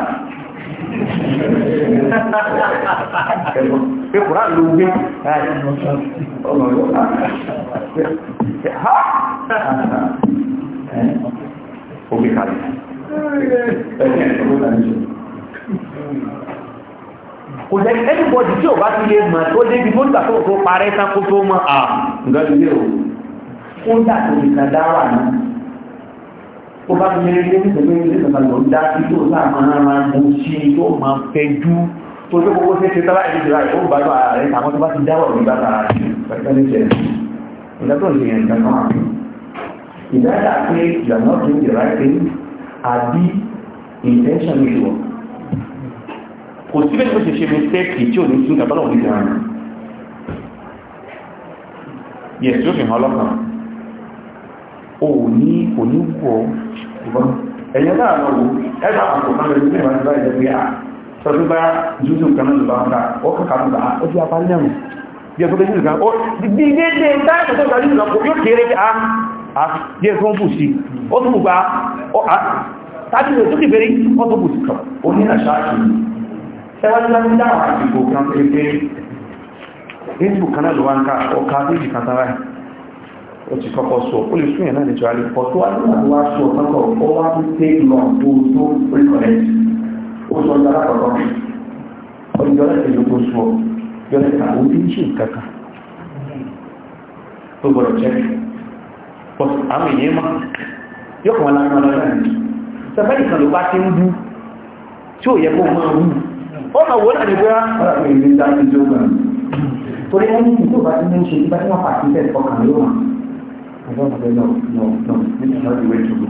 pé kùrá ló gbé ọmọ yóò ha ògbé kalẹ̀ ẹ̀kẹ́ ẹ̀kọ́ ló kò jẹ́ anybody tí ò bá ti lè mọ̀ tó débi tó nígbà tó parẹ́ sákó tó mọ́ à ah. ǹgbẹ́ ilé o kó dà tó nìkan dáwà náà tó bá ti yẹn ní ìpínlẹ̀ ilé ìjọba lọ dá sí tó náà máa máa mú sí tó máa fẹjú tó tó gbogbo ṣe ṣe tábà ìlú ìjọba ìlú bá lọ ààrẹ àwọn tó bá ti dáwọ̀ ní bàbá pẹ̀lú ìṣẹ̀lẹ̀ ìdájọ́ ìṣẹ̀lẹ̀ ìṣẹ̀lẹ̀ náà ìdájọ́ pé ìdájọ́ tó ń jẹ̀rọ pé àbí intention is wrong kò sí bẹ́ẹ̀ tó ṣe ṣe mistake tí ò ní sún kàbálọ̀ òní gan-an yẹ̀ tí ó fi hàn ọlọ́kàn òní òní wọ̀ ṣùgbọ́n ẹ̀yẹn náà lọ wò ẹgbà àpò kan lè ní ìwádìí báyìí lẹ́gbẹ̀ẹ́ à sọ tó bá jùlọ kan náà lọ́wọ́ ká ó kàkà tó bá ó ti apá lẹ́rùn bí ẹ̀kọ́ tó jùlọ ó bí dédé táàkì tó gbà jùlọ kò yóò kéré a a bí ẹ̀kọ́ bù sí ó tún gba ó a táàkì tó tó ti bẹ̀rẹ̀ ó tó bù sí kan ó ní àṣà àṣì ṣẹ́wájú láti dáhùn àṣìkò kan pé pé o ti kọ́kọ́ sọ ó lè sún yẹn náà nítorí so tó wá nígbà tó wá sọ ọ̀tọ́kọ̀ ó wá ní take long tó tó reconnect ó sọ ọjọ́ alákọ̀ọ́kọ́ ọjọ́ ẹ̀jẹ̀ ló kó sọ ọjọ́ ẹ̀ka ó ti ń ṣe kankan tó gbọ́dọ̀ jẹ́ pọ̀ àwọn èèyàn mọ́ yóò kàn wọ́n lára ti ń bú tí ò yẹ kó máa wù ó máa wò no, no, no. This is not the way to go.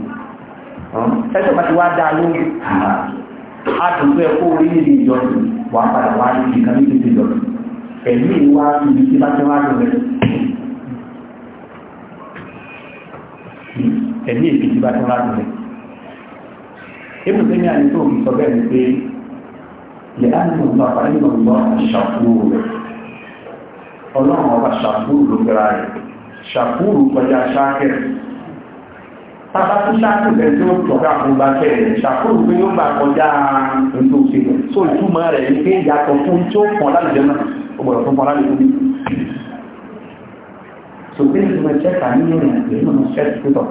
Ẹjọ́ bá ti wá dáa lórí. A tún fẹ́ kó orí ní ìjọsìn wà padà wá ní ìkan ní títí ìjọsìn. Ẹ̀mí ìwá ibi tí bá ti wá dùn rẹ̀. Ẹ̀mí ìbí tí bá ti wá dùn rẹ̀. Ibùdó tí ní àyè tó fi sọ bẹ́ẹ̀ ni pé لأن الله أيضا الله الشعور الله هو الشعور بالرعاية ṣàkúrù kọjá ṣáàkẹ́ tàbá tí ṣáàkù rẹ̀ tí ó tọ́ka fún bá fẹ́ rẹ̀ ṣàkúrù pé ó gbà kọjá ètò òṣèlú tó ìtumọ̀ rẹ̀ ní pé ìyàtọ̀ fún tí ó pọ̀ lálùjẹ́ náà ó fún pọ̀ lálùjẹ́ náà so pé ní ìtumọ̀ ṣẹ́ kà nínú rẹ̀ pé nínú ṣẹ́ ti pé tọ̀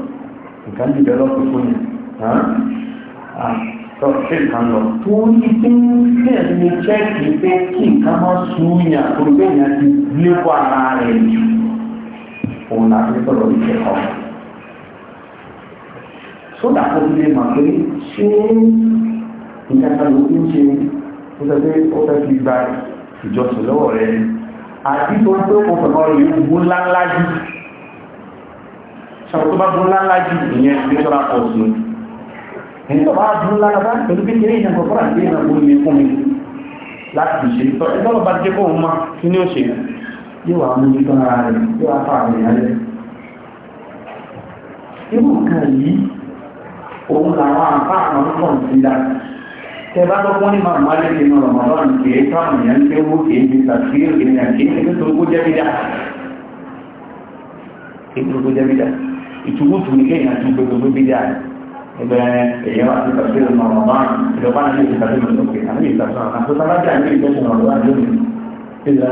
nǹkan ti bẹ̀rẹ̀ lọ́pọ̀ fún yẹn tọ́ ṣe kan lọ tó ní pé ní òun là ń sọ̀rọ̀ ìkẹ́kọ̀ọ́. sódà kó ti lè mọ̀ pé ṣé ìjàkadì òkú ń ṣe ó fẹ́ pé ó fẹ́ fi gba ìjọsìn lọ́wọ́ rẹ̀ àti tó ń pé kó fẹ̀mọ́ rẹ̀ yóò gbó ńláńlá jù ṣàwọn tó bá gbó ńláńlá jù ìyẹn ti sọ́ra pọ̀ sí i nígbà bá gbó ńláńlá bá yóò wà mú nípa ara rẹ̀ yóò wá fà rẹ̀ lálẹ́. Irú nǹkan yìí, òun làwọn àpá àwọn ọlọ́pọ̀ ń ti dá. Tẹ bá tó wọ́n ní máa máa lè nínú Ramadan kìí táwọn èèyàn ń pé owó kìí fi tàbíyèrè ènìyàn kìí ṣe nítorí kó jẹ́ bídà. Nítorí kó jẹ́ bídà. Ìtùkùtù ní kéèyàn tún gbogbo bídà. Ẹgbẹ́ èèyàn wá sí tàbíyèrè Ramadan, ìjọba náà ní ìtàbíyèrè lókè, àmì ìtàbíyèrè àti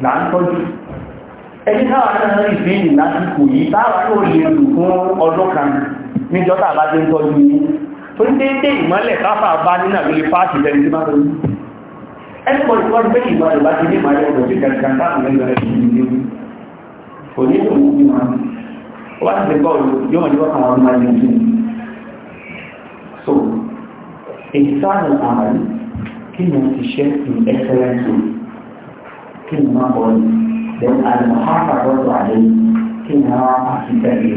là ń tọ́jú ẹni táwa náà rí ìfẹ́yìn lásìkò yìí táwa yóò lè lò fún ọdún kan níjọ́ tá a bá ti ń tọ́jú yìí tó ń déédéé ìmọ́lẹ̀ káfà bá nínú àgbélé fáàtì lẹ́ni tí má tọ́jú ẹni pọ̀ ìfọ́n pé ìmọ̀lẹ̀ bá ti ní ìmọ̀lẹ̀ ọ̀dọ̀ sí kankan táwọn ẹgbẹ́ rẹ̀ ti ní kò ní ìlú so èyí sáà ní àmàlí kí ni wọ́n ti ṣe in excellence kí ni máa bọ̀ ní then àlùmọ́fà lọ́dọ̀ àlẹ́ kí ni wọ́n á fi tẹ̀lé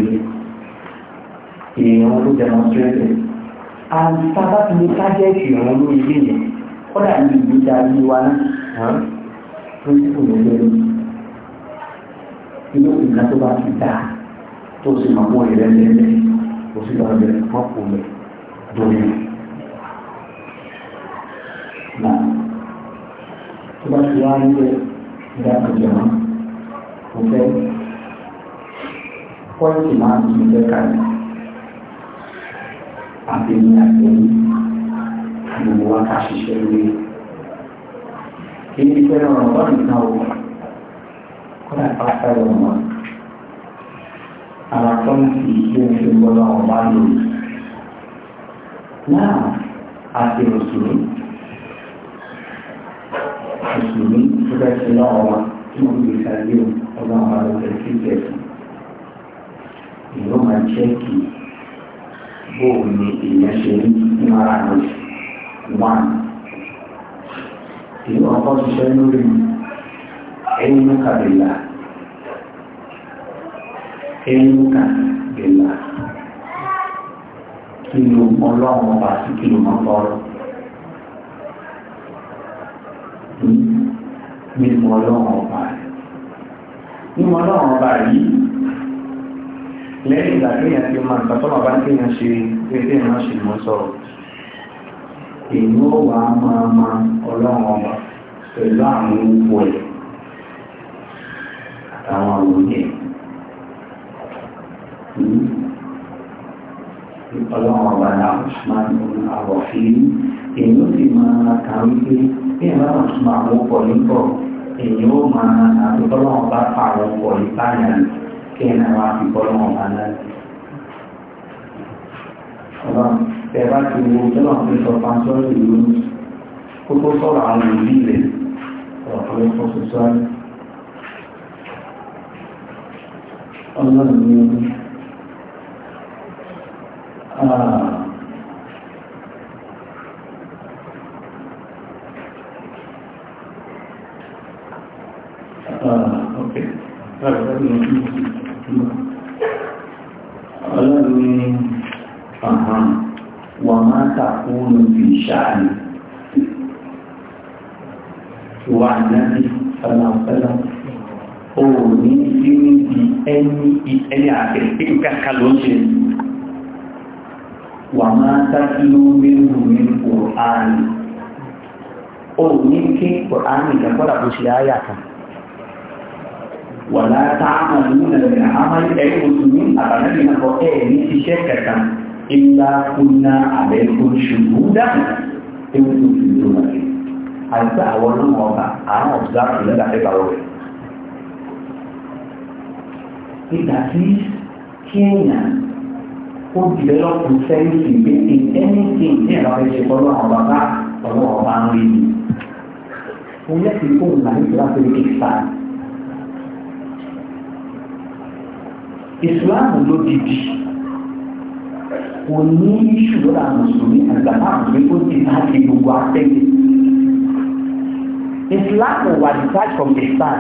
èèyàn ló demonstrate and sábà tí ní tájẹ́ẹ̀tì ìrún ní ilé yẹn kódà ní ìgbésí ayé wa náà principle ló lé inú nǹkan tó bá ti dáa tó sì máa mú ìrẹ́lẹ́lẹ́ kò sí lọ́rọ̀ bẹ̀rẹ̀ mọ́kù rẹ̀ rẹ̀ náà tó bá ti wá ìdákejì ọ̀hún kò fẹ́ pọ́ìntì máa ń tún fẹ́ kàlẹ̀ àbẹ̀yìn àbẹ̀yìn gbogbo wa ká ṣiṣẹ́ lórí èyí fẹ́ràn ọ̀rọ̀ nìkan o kọ́nà pátá lọ́wọ́ wọn àwọn tó ń fi iṣẹ́ ṣe gbọ́dọ̀ ọ̀bá lórí náà àti òṣèlú mùsùlùmí tó bẹ́ẹ̀ ti náà wá tí wọ́n fi ṣàlẹ́ ọba àwọn àlọ́fẹ́ sí ìjẹ̀sìn. Ìlú máa jẹ́ kí bóò ni èèyàn ṣe ń mara rẹ̀ wọ́n. Ìlú ọkọ̀ ṣiṣẹ́ lórí ẹ̀yìn kàbílà. Ẹ̀yìn kàbílà. Kí ló ọlọ́run ọba sí kí ló máa bọ́rọ̀? mímọ̀ ọlọ́run ọba rẹ̀ mímọ̀ ọlọ́run ọba yìí lẹ́yìn ìgbà kéèyàn ti máa ìgbà tọ́lọ̀ bá kéèyàn ṣe kéèyàn máa ṣe mọ́ sọ̀rọ̀ èyí ó wà á máa ma ọlọ́run ọba pẹ̀lú àwọn orúkọ ẹ̀ àtàwọn àwòrán ẹ̀ hmm? ọlọ́run ọba náà máa ń àwọn fíìmù èyí ó sì máa kà wípé bí ẹ bá wà tún àwọn ọkọ̀ nípọ̀ èyí ó máa àtúntọ́lọ́wọ́ bá pa àwọn ọkọ̀ ìpáyà kí ẹ náà wá fi bọ́lọ́wọ́ bá náà. ọlọ́run tẹ́ bá ti wo tọ́lọ́ fi sọ pàṣọ́lù ìlú kó tó sọ̀rọ̀ àwọn òbí rẹ̀ ọ̀rọ̀ tó sọ sọ́ọ́lù. ọlọ́run ni ọlọ́run ní ọ̀hán wà máa tàkùnù fi ṣáàlì wà náà sọ́lọ́sọ́lọ́ o ní sí níbi ẹni ẹni àtẹ̀sí kàkà ló ń ṣe wà máa tàkùnù mẹ́rù ní kòránì o ní kí kòránì ìjàkọ́lá bó ṣe áyà kan wàlá táàmà lúnà ìrìn àmàlì ẹ̀yìn mùsùlùmí àbànàbì náà kọ ẹ̀ ní iṣẹ́ kẹta ìlà kúnná àbẹ̀kú ṣùgbúdà ewu tó fi tó wà ní àti àwọn ọlọ́mọ ọba àwọn ọ̀gá ìlú láti bá wọ̀ ìgbà tí kéèyàn ó dìbẹ́lọ́pù sẹ́yìn ìgbésí anything ní ẹ̀rọ ẹ̀ṣẹ̀ pọ̀lú àwọn bàbá ọ̀rọ̀ ọ̀bá ń rí ni. mo kó ìlànà ìgbà tó lè sáà islam ló dìdì kò ní ìṣúra mùsùlùmí àgbàmà mùsùlùmí ó ti bá ti gbogbo àtẹ́gbẹ́ islam wà detached from islam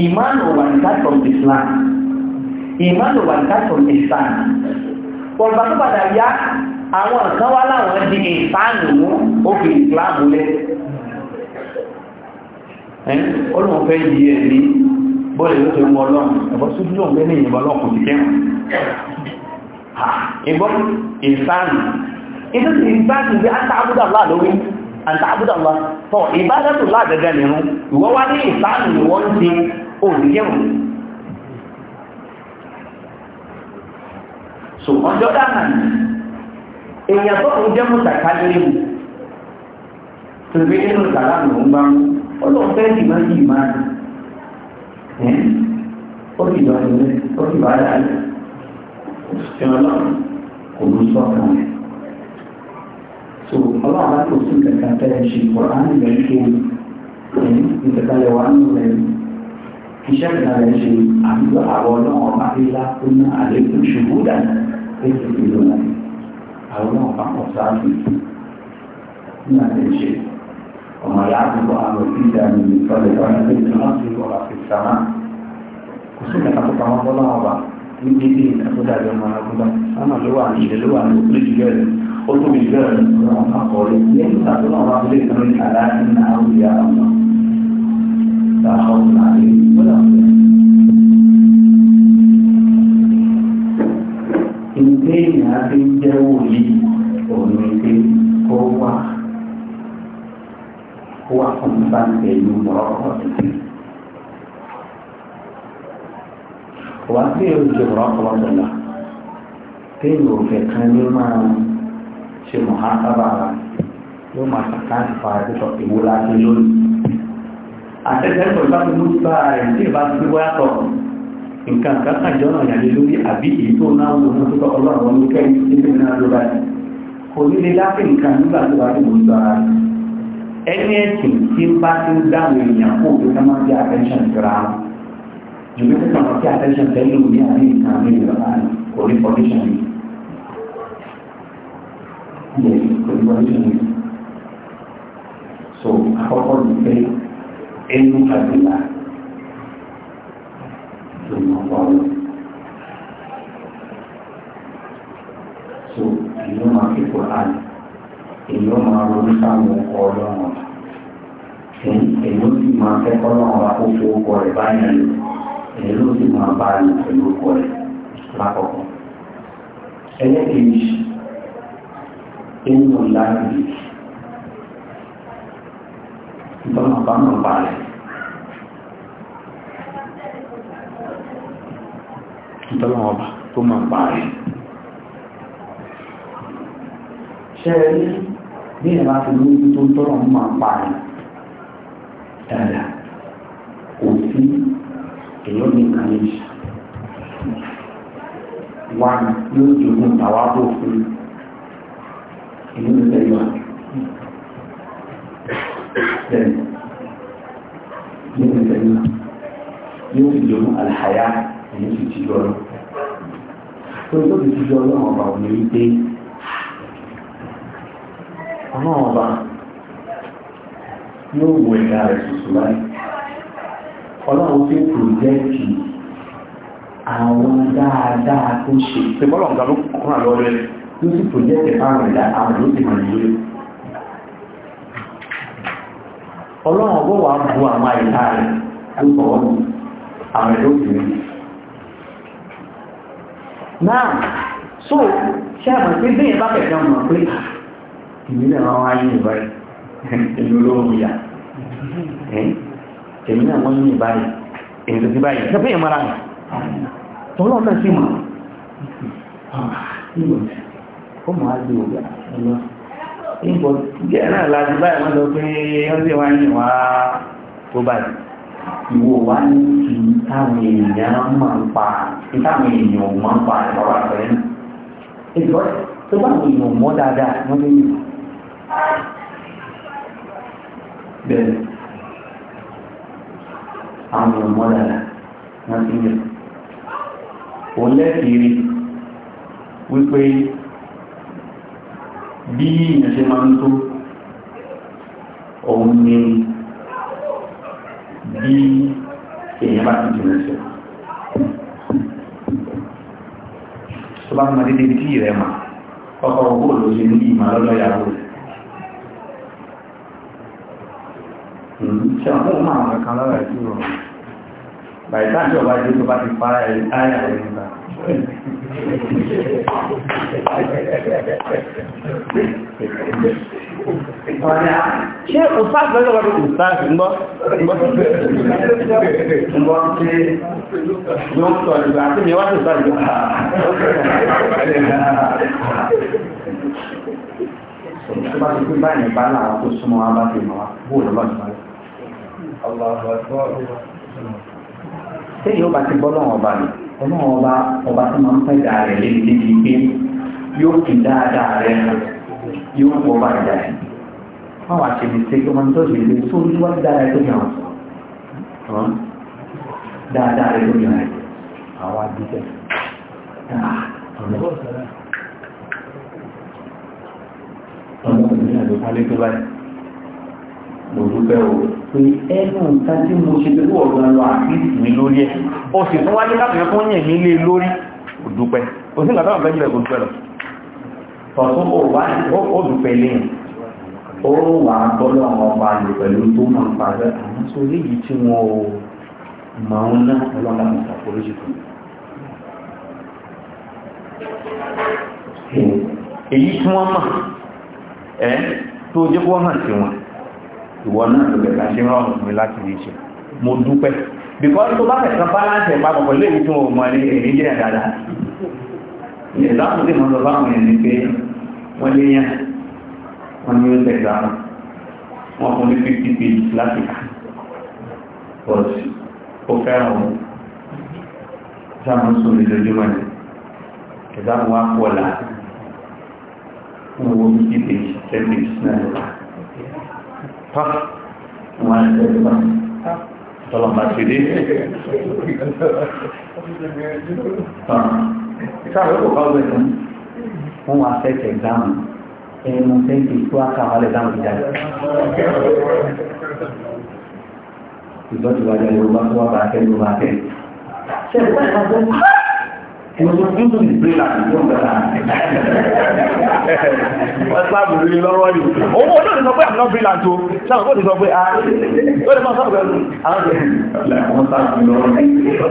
iman wà detached from islam iman wà detached from islam ọ̀gbà tó padà yá àwọn nǹkan wá láwọn di ìfáànù mú ó islam lẹ́ ọlọ́run fẹ́ yí ẹ̀ ní bọ́ọ̀lù ló ti mọ ọlọ́run ẹ̀bọ́ sójú lóun bẹ́ẹ̀ ní ìyìnbọn ọlọ́kùn ti kẹ́wọ̀n ìbọn ìsáàmì ìdí ti gbá ti gbé àtàbùdàlá lórí àtàbùdàlá tọ́ ìbádẹ́tùlá gẹ́gẹ́ nìrún ìwọ́ wá ní ìsáàmì ni wọ́n ti òdìkẹ́wọ̀n so ọjọ́ dáná èèyàn tó ń jẹ́ mùsàkà léwu tòbí nínú ìsàlámù ń gbá ọlọ́ọ̀fẹ́ ìmọ̀ yìí máa ó sì lọ ilé ó sì bá yà lẹ òṣìṣẹ́ ọlọ́run kò so ọlọ́run bá tó sí kankan tẹ́lẹ̀ ṣe kọ́ra á nígbà tó ìtẹ̀kálẹ̀ wà nù rẹ̀ iṣẹ́ kan rẹ̀ ṣe àbúrò àwọn ọlọ́run ọba ńlá tó ní àlékún ṣubú dànù ètò àwọn ọlọ́run pọ̀ sáà وما يعطي قرآن الفيدة من فضل فانا في الأرض ولا في السماء وسنة قطعة الله أبا من دين أخذها بما نقول أما لوان إلى لوان مطلق جل قلتم الجل قرآن أقول يمتع الله أبا ليس من حالات من أولياء الله لا خوف عليه ولا إن دين هذه الجولي ومن دين قوة kó wá fún mi bá ń pẹ̀lú mọ̀rọ́kọ̀ tuntun. kò wá sí èrò ìjọ mọ̀rọ́kọ̀ lọ́sọ̀lá téèyàn ò fẹ́ kan ní máa ṣe mọ̀hákábà yóò máa ṣàkáàtì fara pé sọ èwo la ṣe lónìí. àtẹ̀tẹ̀ sọ̀rọ̀ bá ti mú bá rẹ̀ tí ì bá ti gbé wáyà sọ̀rọ̀ nǹkan kan kan jọ́nà ẹni ẹ̀sìn tí ń bá ti ń dáhùn èèyàn kó tó ká máa fi attention síra jù bí kókò máa fi attention tẹ́lẹ̀ òní àbí nǹkan àbí ìrọ̀lá kò ní foundation yìí. Yes, kò ní foundation yìí. So àkọ́kọ́ ni pé ẹnu àdìlà ló máa wà lọ. So ìlú máa fi kọ́ àná èyí ó máa ronú sáwọn ọkọ̀ ọlọ́run èyí ó sì máa kẹ́kọ̀ọ́ náà wá kó fi orúkọ rẹ̀ báyìí lò èyí ló sì máa bá a lò pẹ̀lú orúkọ rẹ̀ lákọ̀ọ́kọ́. ẹlẹ́kejì inú láàbì ìbámọ̀bámọ̀ balẹ̀ ìbámọ̀bá tó máa balẹ̀ ṣẹ́ẹ̀rí bí ẹ̀ bá fi lójú tó ń tọ́rọ̀ mú máa pa rẹ̀ dáadáa kò sí èèyàn ní kàlẹ́jì wà yóò jogún tàwa tó fún ìlú ìlú ìlú bẹ́ẹ̀ yóò fi tẹ̀lé yóò fi jogún àlàyé ẹ̀yìn fi ti lọ́rọ̀ tó yóò fi ti lọ́rọ̀ ọ̀bà òní wípé ọlọ́run ọba yóò wọ ẹ̀dá rẹ̀ tuntun báyìí ọlọ́run tí kò àwọn dáadáa tó ṣe pé bọ́lọ̀ nǹkan ló kọ́nà lọ́wọ́ rẹ̀ yóò sì pòjẹ́tì fáwọn ẹ̀dá àwọn ló ti mọ̀ nílé ọlọ́run ọgbọ́ wà bu àwọn rẹ̀ àwọn èmi náà wọ́n wá yín ìbáyìí èmi olóhùn ìyá èmi náà wọ́n yín ìbáyìí èmi tó ti báyìí ṣe fún ìmọ̀ra mi tọ́lọ́ náà sì mọ̀ ah, ó mọ̀ á di òbí àlọ́ ìbò jẹ́ náà láti báyìí wọ́n sọ pé wọ́n sì wá yín wá tó báyìí ìwò wá ní kí táwọn èèyàn máa ń pa táwọn èèyàn máa ń pa ìbọ̀wọ̀ àpẹẹrẹ náà tó bá àwọn èèyàn mọ́ dáadáa wọ́n lè yìí bẹ́ẹ̀ àwọn ọmọ dára wọ́n ti yẹ òun lẹ́kìírí wípé bí ìyẹn ṣe máa ń tó òun ni bí èèyàn bá ti jìnà sí tó bá mọ̀ dédé tí rẹ̀ mà ọkọ̀ ògbó ló ṣe ní ìmọ̀ lọ́lọ́ rẹ̀ ṣe àwọn ọmọ àwọn ẹ̀kan lára ẹ̀tù rọ̀ bàìtá tí ọba jẹ́ tó bá ti para ṣe òsáàtì lọ́jọ́ lọ́dún òsáàtì ń bọ́ ń bọ́ tí wọ́n sọ ìgbà tí mi wá sí òsáàtì Tó bá ti pín báyìí bá láàá tó súnmọ́ wá bá sẹ́yìn ọba ti bọ́ lọ́wọ́ ọba ni ọlọ́wọ́ ọba ọba tó máa ń fẹ́ dáa rẹ̀ lé ní ibi pé yóò fi dáadáa rẹ̀ yóò fọ́ ọba ìdá rẹ̀ wọ́n wá ṣe lè ṣe kí ọmọ tó lè lè tó ní wọ́n dáadáa rẹ̀ tó yàn án dáadáa rẹ̀ tó yàn án àwọn adúgbò ọmọ ìdílé àti ìpàlẹ́ tó báyìí mo dúpẹ́ o pé ẹnu nǹkan tí mo ṣe pẹ̀lú ọ̀rọ̀ ọ̀rọ̀ àkíyèsí mi lórí ẹ̀ o sì tún wáyé láti fún yẹ̀ mí lé lórí kò dúpẹ́ o sì gbàtàwọn fẹ́ jùlẹ̀ kò dúpẹ́ lọ tọ̀tún kò wá ó dúpẹ́ lẹ́yìn ó wà á gbọ́dọ̀ àwọn èyí tí wọ́n mọ̀ ẹ́ tó jẹ́ kó hàn sí wọn ìwọ náà tó bẹ̀rẹ̀ ṣe rọrùn fún mi láti rí ṣe mo dúpẹ́ because tó bá fẹ̀sán balance ẹ̀ papọ̀ pẹ̀lú èyí tí wọ́n mọ̀ ní èyí jẹ́ dáadáa ìdáhùn tí mo sọ fáwọn ẹni pé wọ́n lé yàn wọ́n ní oúnjẹ ìdáhùn wọ́n fún ní fifty pages láti kà but ó fẹ́ràn o sáwọn sùn lójoojúmọ́ ni ìdáhùn wa pọ̀ là ń wo fifty pages ten pages tọ́ tọ́lọ̀ bá ti dé wọ́n wá fẹ́ẹ̀kẹ̀ dáhùn ẹnu tẹ́ǹkì tó àkàwálẹ̀ dáhùn ìjáde ìgbọ́tí wájá lè wọ́n bá tó wá bá akẹ́lú bá akẹ́lú Ìjọba ìgbéra ìjọba ẹ̀sán àbúrí lọ́wọ́ ni. Owó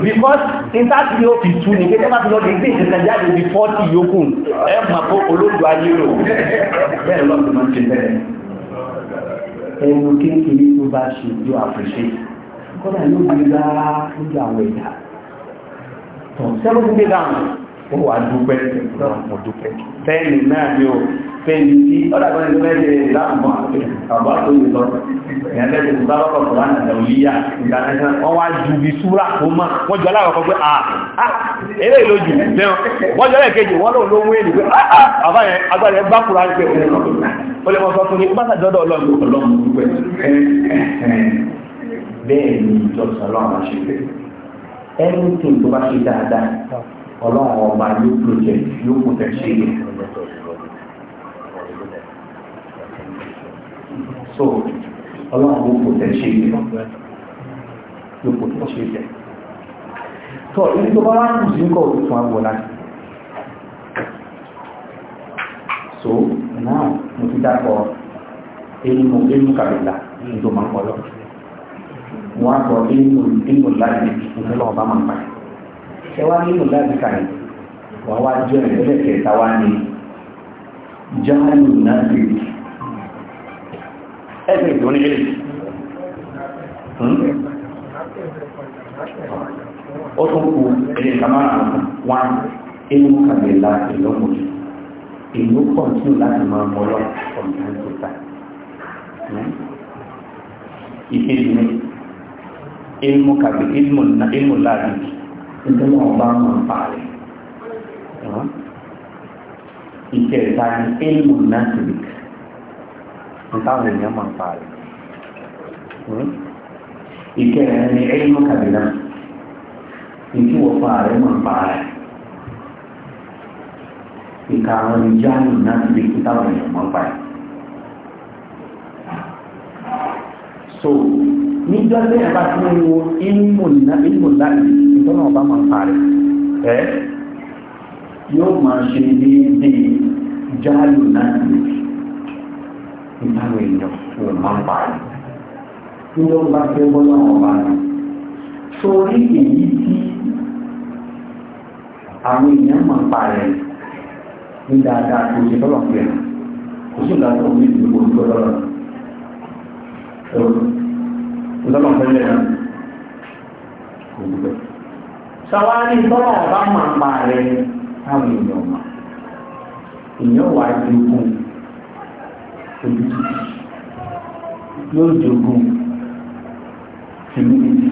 Because ìtàkì yóò fi tú ni, kí tẹ́bà ti lọ́dẹ̀ ìgbé ìṣẹ̀ṣẹ̀ jáde bí fọ́tì yókù, ẹ mà kó olóògbé ayé rò. Bẹ́ẹ̀ lọ́dún máa ń ṣe bẹ́ẹ̀. Ẹnu kékeré tó bá ṣe yóò àfẹ́ṣe. Kọ́dà yóò gbé rárá lójú àwọn ẹ̀dá sẹ́wọ́n gbé dáhùn ó wà dúpẹ́ mo dúpẹ́ fẹ́ẹ̀lì náà ni ó fẹ́ẹ̀lì tí ọ̀dàgbọ́n ẹni fẹ́ẹ̀lì láàmú àbá tó yẹ lọ ìyẹn fẹ́ẹ̀lì tó sábà kọ̀ fún àná ìyá ìdáná wọn wá ju bí súrà tó mọ̀ wọ́n jọ aláwọ̀ kọ́ pé à ah, á ah, eré ìlójú lẹ́wọ̀n wọ́n jọ lẹ́ẹ̀kejì wọ́n lòun ló ń wé nìgbẹ́ àbá yẹn agbára yẹn bá kúrò àgbẹ̀ ó lè mọ sọ fún mi bá sàdọ́dọ̀ ọlọ́run ọlọ́run dúpẹ́ bẹ́ẹ̀ Everything tó bá ṣe dáadáa ọlọ́run ọba yóò project yóò protect ṣe é. so ọlọ́run yóò protect ṣe é yóò protect ṣe é. tọ́ ibi tó bá wá kù sí nǹkan so now mo ti dákọ̀ ẹni mo ẹni mo kàlùlà ní ìdó máa ń kọ́ wọn á sọ nínú nínú láti nínú ọba máa pa ẹ wá nínú láti kàrí wọn wá jẹ ìrẹ̀lẹ̀ kẹta wá ní jáàlù náà lè ẹsẹ̀ ìdúró ní ilé ó tún kú ẹ̀yẹ kàmáà wá inú kàgbéla ìlọ́mọ̀ ìlú pọ̀ tí ó láti máa mọ́ lọ ọ̀gbìn tó ta hmm? ìkéjì ni ilmu kabi ilmu na ilmu láàbí nítorí mau bá mọ̀ ń parí. ìkẹta ilmu nasibi nítawọn èèyàn mọ̀ ń parí. ìkẹrin ilmu kabi, náà nítorí wọn fún ààrẹ mọ̀ ń parí. ìkarùn ni jáàmù nasibi nítawọn èèyàn mọ̀ so níjọ́ tí ẹ̀ bá ti ń wo ìmù láì ìtọ́nà ọba máa fà rẹ̀ ẹ́ yóò máa ṣe déédéé jáàlù náà ìtàwé èèyàn yóò máa fà rẹ̀ níjọ́ bá fẹ́ bọ́lá ọba rẹ̀ sórí èyí tí àwọn èèyàn máa fà rẹ̀ ní dáadáa kò ṣe tọ́lọ̀ fẹ́ kò sí ìdájọ́ orí ìdìbò ìgbọ́lọ́rọ̀ ìtọ́lọ̀ fẹ́lẹ̀ náà kò gbogbo ṣàwárí tọ́lọ̀ bá pa rẹ̀ táwọn èèyàn mà èèyàn wà jogun ojú yóò jogun tìlú títì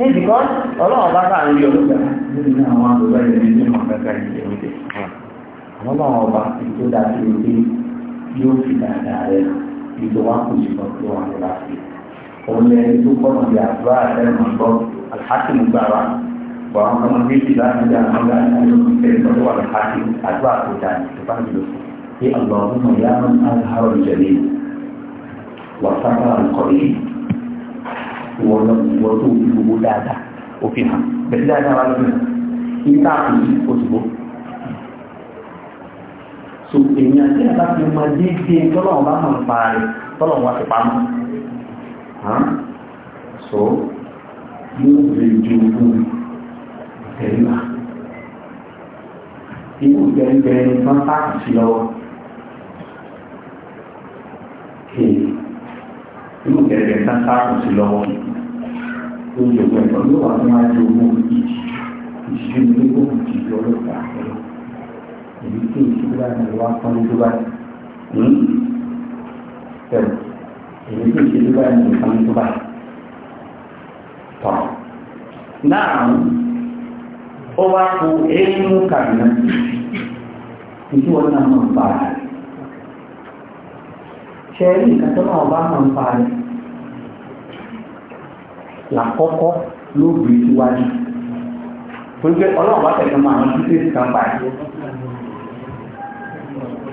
níbìkọ́ ọlọ́wọ́ bá bá ń rí olùgbà nínú àwọn àbúrò ẹ̀rẹ́ nínú ọ̀gágá ìjẹ́ òde àwọn ọba ètò dáadé òde yóò fi dáadáa rẹ̀ hàn ìdòwákù ìfọ̀tò àwọn ìlàsì òun lẹ ní tó kọ́nà bí àdúrà ẹ̀rọ gbọ́ alhaki mú gbà wá bọ̀ àwọn ọmọ méjì láti dá àwọn ọmọ láti ló ń tẹ̀lé lọ́wọ́ alhaki àdúrà kò dá ní tó bá ń lò kí àlọ́ọ̀mù yá máa ń àárọ̀ ìjẹ̀lẹ̀ wà sábà àkọ́rí ìwọ lọ ìwọ tó fi gbogbo dáadáa òfin hàn bẹ̀sí dáadáa wà lọ́wọ́ tó èèyàn tí a bá fi mọ déédéé tọ́lọ́wọ́ bá mọ̀ pa rẹ̀ tọ́lọ́wọ́ wá ti pamọ́ so yóò lè ju ogún tẹ̀lá inú gbẹ̀ngbẹ̀ nǹkan pàtàkì sí lọ́wọ́ inú gbẹ̀ngbẹ̀ nǹkan pàtàkì sí lọ́wọ́ yóò jogún ẹ̀kọ́ yóò wá ní wájú ogún ìtìjú ìtìjú ní gbogbo ìtìjú ọlọ́pàá ọlọ́pàá èyí tí ìṣúra ní wá fún ìdúrà ẹ̀rù èyí tí ìṣúra ní fún ìdúrà tọ̀. náà ó wá kú èyí kàrínà ìdí wọn náà máa ń bá rẹ̀ ṣe nǹkan tó náà bá máa ń bá rẹ̀ làkọ́kọ́ ló gbé síwájú. Gbogbo ọlọ́run wá tẹ̀lé máa ń títí kan báyìí.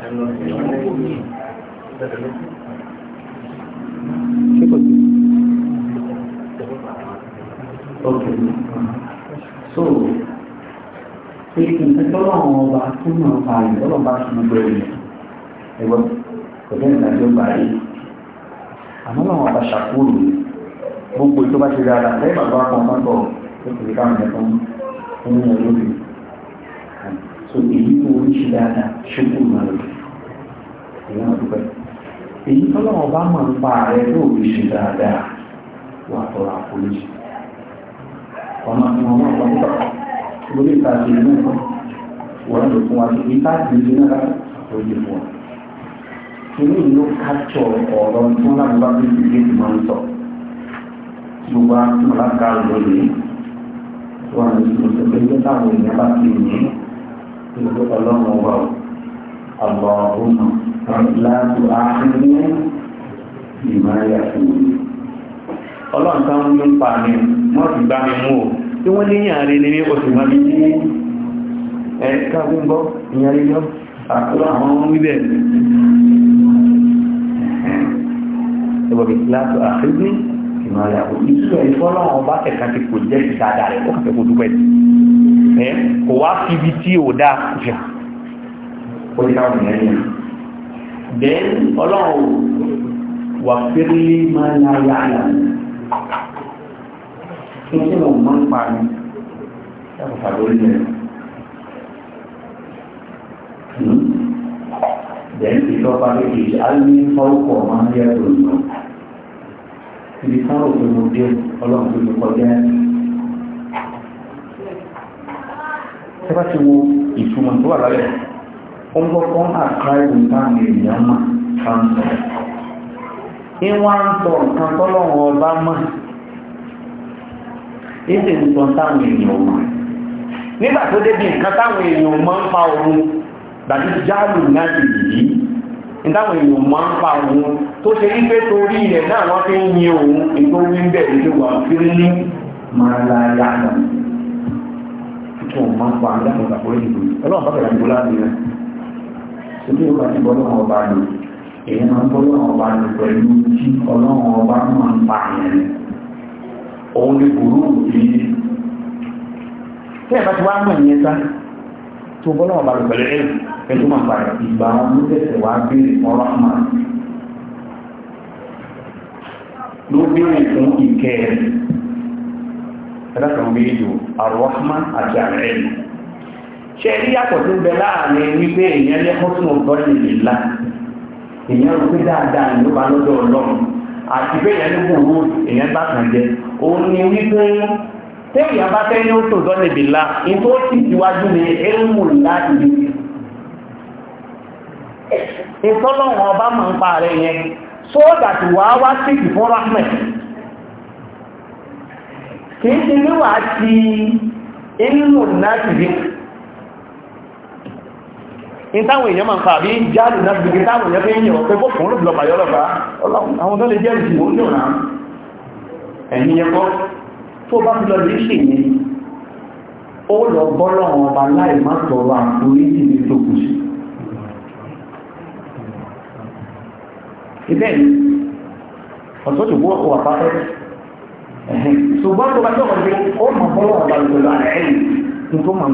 Okay. So, ṣe ìpínlẹ̀ ọba tó náà fa ìdọ́lọ̀ bá ṣe ń bẹ̀rẹ̀ ẹ̀wọ́ kò jẹ́ ìdájọ́ gbà yìí. Àmọ́ làwọn ọba ṣàkóòrò gbogbo tó bá ṣe dáadáa lẹ́yìn bàbá kan bá bọ̀ tó kìí káwọn ẹ̀kọ́ ń mú olóbi. So, èyí tó ń ṣe dáadáa ṣókòó náà èèyàn dúpẹ́ èyí tọ́lọ́wọ́ bá mọ̀ ń pa ààrẹ tó fi ṣe dáadáa wà tọrọ àforíjì ọmọ ọmọ ọmọ ọmọ nípa lórí ìta ṣe inú ẹ̀kọ́ wọ́n lò fún wa ṣe ìta ṣe ìṣe náà tó yẹ fún wa kìíní ìlú kájọ ọ̀rọ̀ tí wọ́n láti bá bíi ìdílé ìmọ̀ ń sọ gbogbo àtúntò láti ká lónìí wọ́n lè pé táwọn èèyàn bá ti yìn ní ìlú ọlọ́run wa ọ̀gbọ̀n ọ̀hún láti ààrẹ ìmáyà fún mi. ọlọ́run tán ń pa mi wọ́n ti gbá mi mú o tí wọ́n ní ìyàrí ní ní oṣù mọ́ mi ní ẹ̀ẹ́ká gbígbọ́ ìyàrí lọ àkúrò àwọn ohun wíbẹ̀ ẹgbọ̀gbẹ̀ láti ààrẹ ìmáyà fún mi. ìṣúra ìfọ́lọ́run ọba kẹ̀kẹ́ ti kò jẹ́ ìdáadáa rẹ̀ ó kàfẹ́ wá fi ibi tí ò dáa kùfìà ó ní káwọn ìyẹn then ọlọ́run wà fẹ́rẹ́lé máa ń yára yára tó tí wọ́n máa ń pa ní ẹ̀kọ̀fà lórí rẹ̀ hmm? then ìjọba méjì alẹ́ fọ́ọ̀kọ̀ máa ń yẹ lòlù ibi táwọn òfin mo dé ọlọ́run tó ti kọjá ẹ bá ti ìtumọ̀ tó wà lálẹ́ ó kọ́kọ́ àkáìwò táwọn èèyàn mà ka sọ ìwọ́n ń sọ nǹkan ọba mà ìsì ń sọ nígbà tó débi nǹkan táwọn èèyàn ń pa òun jáàlù náà sì yìí èèyàn ń pa òun tó ṣe wípé torí ilẹ̀ náà wọ́n fi ń yin òun ètò wà fi ní máa la máa ń pa ìdìbò ọlọ́run bá bẹ̀rẹ̀ ilé ìwà ní bọ́lọ́wọ́ ọba ni èyí máa ń bọ́lọ́wọ́ ọba ni pẹ̀lú tí ọlọ́wọ́ ọba máa ń pa àyàn ni òun ni burú yìí tí ẹ̀ bá ti wá mọ̀ ìyẹn máa ló tẹ̀sẹ̀ wá ìkẹ́ ẹ̀ ẹ̀dá kan bí ìlú àrùwáhámá àti àrẹ̀ ẹ̀lú ṣe rí àkọ̀tún bẹ láàrin wípé èèyàn lé fọ́tún ọ̀gọ́rin nìlá èèyàn pé dáadáa ní bá lọ́dọ̀ ọlọ́run àti pé èèyàn ní gbòòrò èèyàn bá kàn jẹ òun ni wípé téèyàn bá fẹ́ ní sì síwájú ńlá ìlú ń pa rẹ̀ yẹn tí ìtàwọn èèyàn máa ń fàbí jáàdì náà gbogbo ìtàwọn èèyàn fi ń yàn pé bókùn ló lọ bàyọ́ lọ́gbà àwọn tó lè jẹ́ ìsìn òun náà ẹ̀yìn ẹ̀kọ́ tó bá fi lọ lè ṣe ní ó lọ bọ́lọ́wọ́n ọba láì má tọrọ àforí sí ní tó kù sí ìbẹ́ẹ̀ ọ̀tọ́ tó wọ́ ọ̀wà pátẹ́ ṣùgbọ́n tó bá tọrọ pé tó mọ̀ ń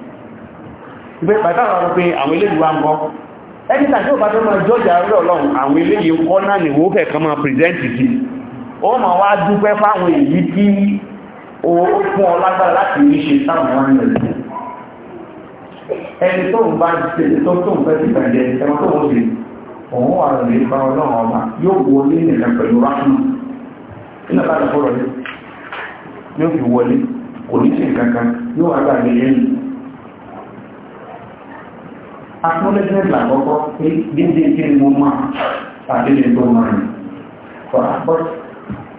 ìgbé pàtàkì àwọn pé àwọn eléyìí wá ń bọ́ ẹni tàbí ò máa rẹ̀ ọlọ́run àwọn eléyìí kọ́ náà ni wó fẹ̀ kan máa pìrìsẹ́ntì sí ó ma wá dúpẹ́ fáwọn èyí tí ó fún ọ lágbára láti rí ṣe sáwọn ọ̀rìn ẹni tó ń bá ṣe tó tó ń fẹ́ ti bàjẹ́ ẹ̀rọ tó acknowledgement làkọ́kọ́ pé dédé kí ni mo máa tàbí lè tó máa rìn fọ́nà pọ́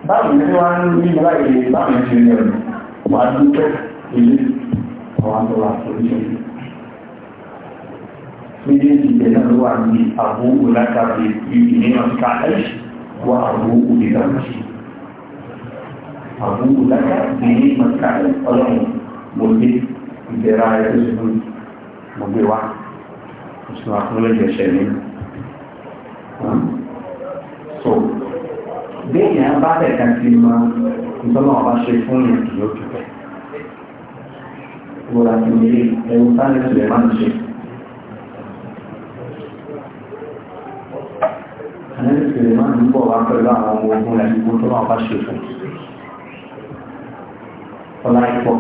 báwo ni wọ́n ń rí láìlè báwo ni ṣe rẹ̀ wà á dúpẹ́ ilé àwọn àtọ́lá solution méjèèjì ìgbẹ̀nà ló wà ní àbúrò látàbí ìgbìyàn káàkiri wà àbúrò ìdàmọ́sí àbúrò látàbí ìgbìyàn káàkiri ọlọ́run mo gbé ìgbẹ̀rà ẹ̀ tó ṣe mú mo gbé wá ṣùgbọ́n akúnlẹ̀ ìṣẹ̀ ní. so bẹ́ẹ̀ yẹn bá bẹ̀rẹ̀ ká ti mọ ìtọ́nà ọba ṣe fún yẹn kì yóò jù bẹ́ẹ̀. gbọ́dọ̀ àti ilé ẹ̀rù sáré tilẹ̀ máa ń ṣe. àlẹ́ tilẹ̀ máa ń bọ̀ wá pẹ̀lú àwọn ọmọ ogun rẹ̀ gbogbo tó náà ṣe fún. ọ̀la ìpọ̀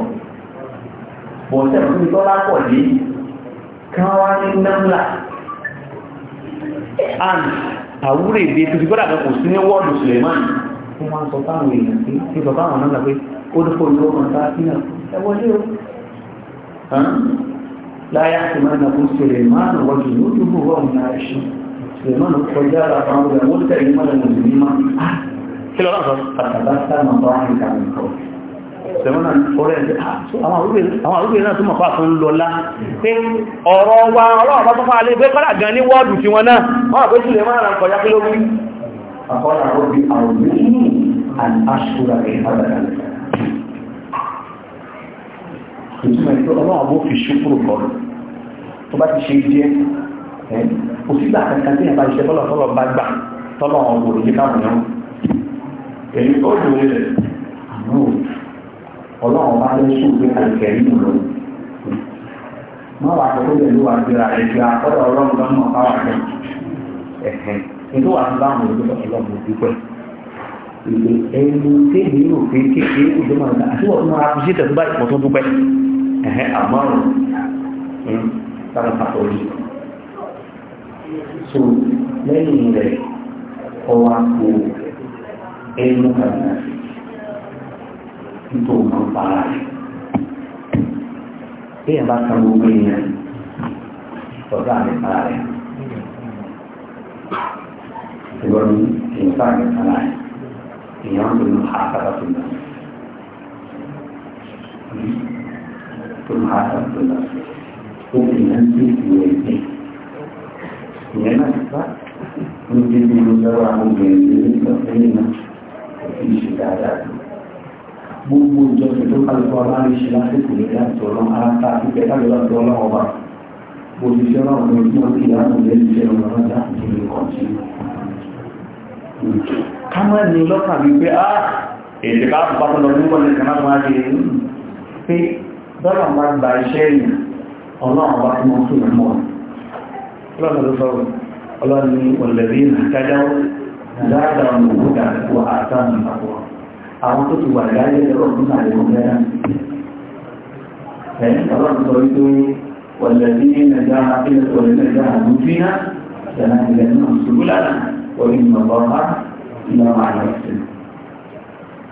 bọ̀ọ̀sẹ̀ fún mi tọ́lá pọ̀ yìí káwá ní náà and àwúrẹ̀ èdè tó ti gbọ́dà kan kò sí ní wọ́ọ̀dù Suleiman fún wọn sọ fáwọn èèyàn sí ti sọ fáwọn náà pé ó dúpọ̀ ló wọn bá sí náà ẹ wọlé o láyé àti máa nà fún Suleiman wọ́jú ní ojú bò wọ́n náà ṣe Suleiman kọjá ara àwọn ọmọ tẹ̀lé mọ́lẹ̀ mọ̀lẹ́ mímọ́ ah! kí lọ́nà sọ pàtàkì sáà bá wọn kà nǹkan tẹ̀wọ́n náà ọ̀rẹ́ ẹ̀ àwọn àrúgbé náà tó mọ̀fà fún lọ́lá pé ọ̀rọ̀ wa ọlọ́run bá tó fà lé pé kọ́lá gan ní wọ́ọ̀dù tí wọ́n náà wọ́n àpé sílẹ̀ máa ràn kọjá kílógún àkọ́lá rọ́bí àwọn ìrìn àti aṣọ́ra rẹ̀ àbàdà ìtumọ̀ ìtọ́ ọlọ́run bó fi ṣúkúrò kọlù tó bá ti ṣe jẹ́ kò sígbà kankan tí ìyàbá ìṣẹ́ tọ́lọ̀ tọ́lọ̀ bá gbà tọ́lọ̀ ọ̀gbọ̀n òjì káwọn náà èyí ó dùn ún rẹ̀ àmọ́ ọlọ́run bá lé ṣùgbọ́n àìkẹ́rì nìlọ. Wọ́n wà àkókò pẹ̀lú àgbèrè àìkú àkọ́dọ̀ ọlọ́run bá mọ̀ káwà jẹ. Ẹ̀hẹ̀ ètò wà fún báwọn olùdókọ̀ ọlọ́run dúpẹ́. Ìgbè tèmi rò pé kékeré òjò máa dá àti wọ́n máa fi ṣe tẹ̀síwájú pọ̀ tó dúpẹ́. Ẹ̀hẹ̀ àmọ́rùn hm, sábà So lẹ́yìn rẹ̀ ọwọ́ àpò ẹnu kàdínà sí nítorí wọn para rẹ̀ bí ẹ bá san gbogbo èèyàn ọ̀dọ́ àmì para rẹ̀ ìwọ́n èèyàn bá àmì para rẹ̀ èèyàn ń lò àkàrà tó lọ tó lọ àkàrà tó lọ ó fi hàn sí ìwé ìdí ìyẹn náà ti bá ń gbé ní ọjọ́ àwọn obìnrin tó ń lọ sẹ́yìn náà ṣe dáadáa tó gbogbo ìjọsìn tó kálukọ aláàrin ṣe lásìkò lórí àtọ̀ ọlọ́run ara ta àti pẹ̀lú àjọ ọlọ́run ọba mo ti ṣe ọlọ́run ní ọjọ́ tí ìyáàmù rẹ̀ ti ṣe ọlọ́run ọjà tó lè kàn sí. ká má ní lọ́kàn wípé á ah, èdè bá bá tó lọ nígbà ní kaná tó máa ṣe é pé dọ́là máa gba iṣẹ́ yìí ọlọ́run ọba tó máa ń fún mọ́ ọlọ́run ló sọ̀rọ̀ ọlọ́run ní ọ̀lẹ́rí ìdájọ́ dáadáa mọ̀ àwọn tó ti wà láyé lọ́rọ̀ nínú àlejò náà. Ẹ̀yìn ọ̀rọ̀ sọ wípé wọ̀lẹ̀dí nàìjíríà àfihàn wọ̀lẹ̀ nàìjíríà àdúgbìnà ìjànà ìlẹ̀ náà ṣubú lára orí ìmọ̀bọ̀ ọ̀há ìlà àlọ́ ìsìn.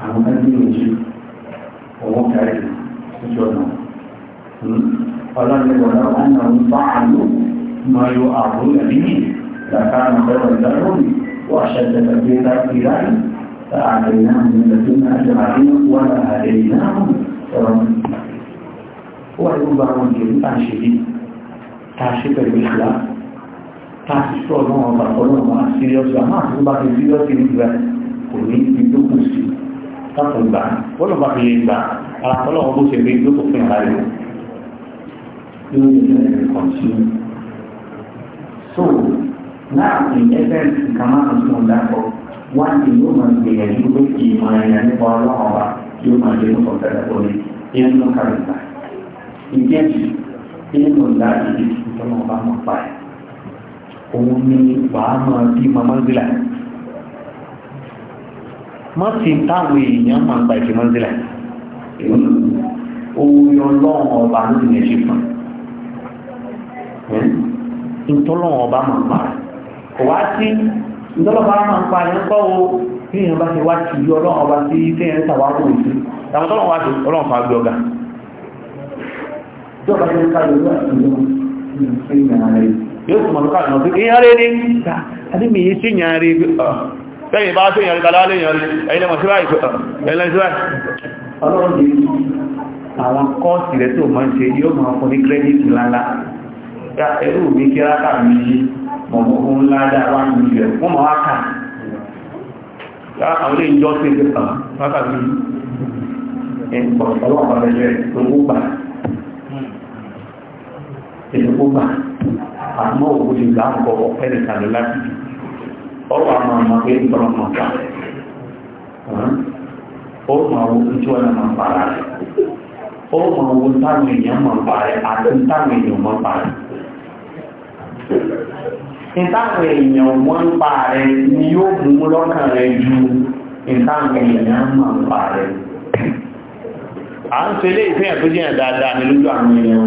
Àwọn ẹgbẹ́ òjì ọwọ́ kárí ojú ọ̀nà. Ọlọ́run wọ̀lọ́ ọ̀nà ń bá àlù mọ yóò àbúrò ẹ̀mí làkàrà mọ̀tẹ́wọ̀ ìdánwò wọ́n àṣẹ فأعطيناهم من لدنا أجمعين ولا هديناهم سواء هو يقول بعضهم كيف تعشي تعشي بالإخلاص تعشي صور نوع بطلون مع السيريوس ما أحسن بعض السيريوس يجب كوني بدون سي تقل بعض ولا بقي يجب على طول أبو سيدي بدون في غيره So, now in essence, we come out from that book wọ́n ti yóò máa gbìyànjú pé ìmọ̀ ẹ̀yà nípa ọlọ́run ọba yóò máa lé ní ọ̀tẹ̀lẹ̀ orí ìyẹn ló kárí gbà. ìkejì nínú láti di ìtọ́nà ọba máa pa ẹ̀ òun ni wàá máa bí mamangila má ti táwọn èèyàn máa gba ìfẹ́ ìtọ́lọ́pàá máa ń pa àyẹ́ kọ́ o bí èèyàn bá ti wá ti yọ ọlọ́run ọba sí tẹ́yẹn tàwa kò sí tàwọn tọ́lọ́run wá sí ọlọ́run fa gbé ọgà ìjọba ti ń ká lórí àtúnyọ yóò sì mọ̀ lókà lọ́pẹ́ èèyàn rẹ̀ ní àdímì sí ìyàn rẹ̀ ah. bẹ́yìn bá tó ìyàn rẹ̀ tàlálẹ̀ ìyàn rẹ̀ ẹ̀yìn lẹ́mọ̀ síwáì ah, ẹ̀lẹ́ síwáì ọlọ́run ní àwọn kọ́ọ̀sì rẹ̀ tó máa ń mọ̀mọ́kún ńlá dá wá ní ilẹ̀ wọ́n mọ̀ wá àwọn ìjọ sí ẹgbẹ́ kan wákàtí ẹ̀kọ́ ọlọ́pàá bẹ̀rẹ̀ owó gbà ẹ̀kọ́ gbà àmọ́ òwò lè gbà ọkọ̀ ọ̀fẹ́ nìkan láti ọwọ́ àmọ́ àmọ́ pé ń tọrọ mọ̀ ká ó mọ̀ owó tí wọ́n máa ń para rẹ̀ ó mọ̀ owó táwọn èèyàn máa ń rẹ̀ àti táwọn èèyàn máa ń rẹ̀. ìtàkùn èèyàn wọ́n ń pa rẹ̀ ni yóò mú lọ́kàn rẹ̀ ju ìtàkùn èèyàn máa ń pa rẹ̀ à ń ṣe ilé ìfihàn tó jẹ́ dáadáa ní lójú àwọn èèyàn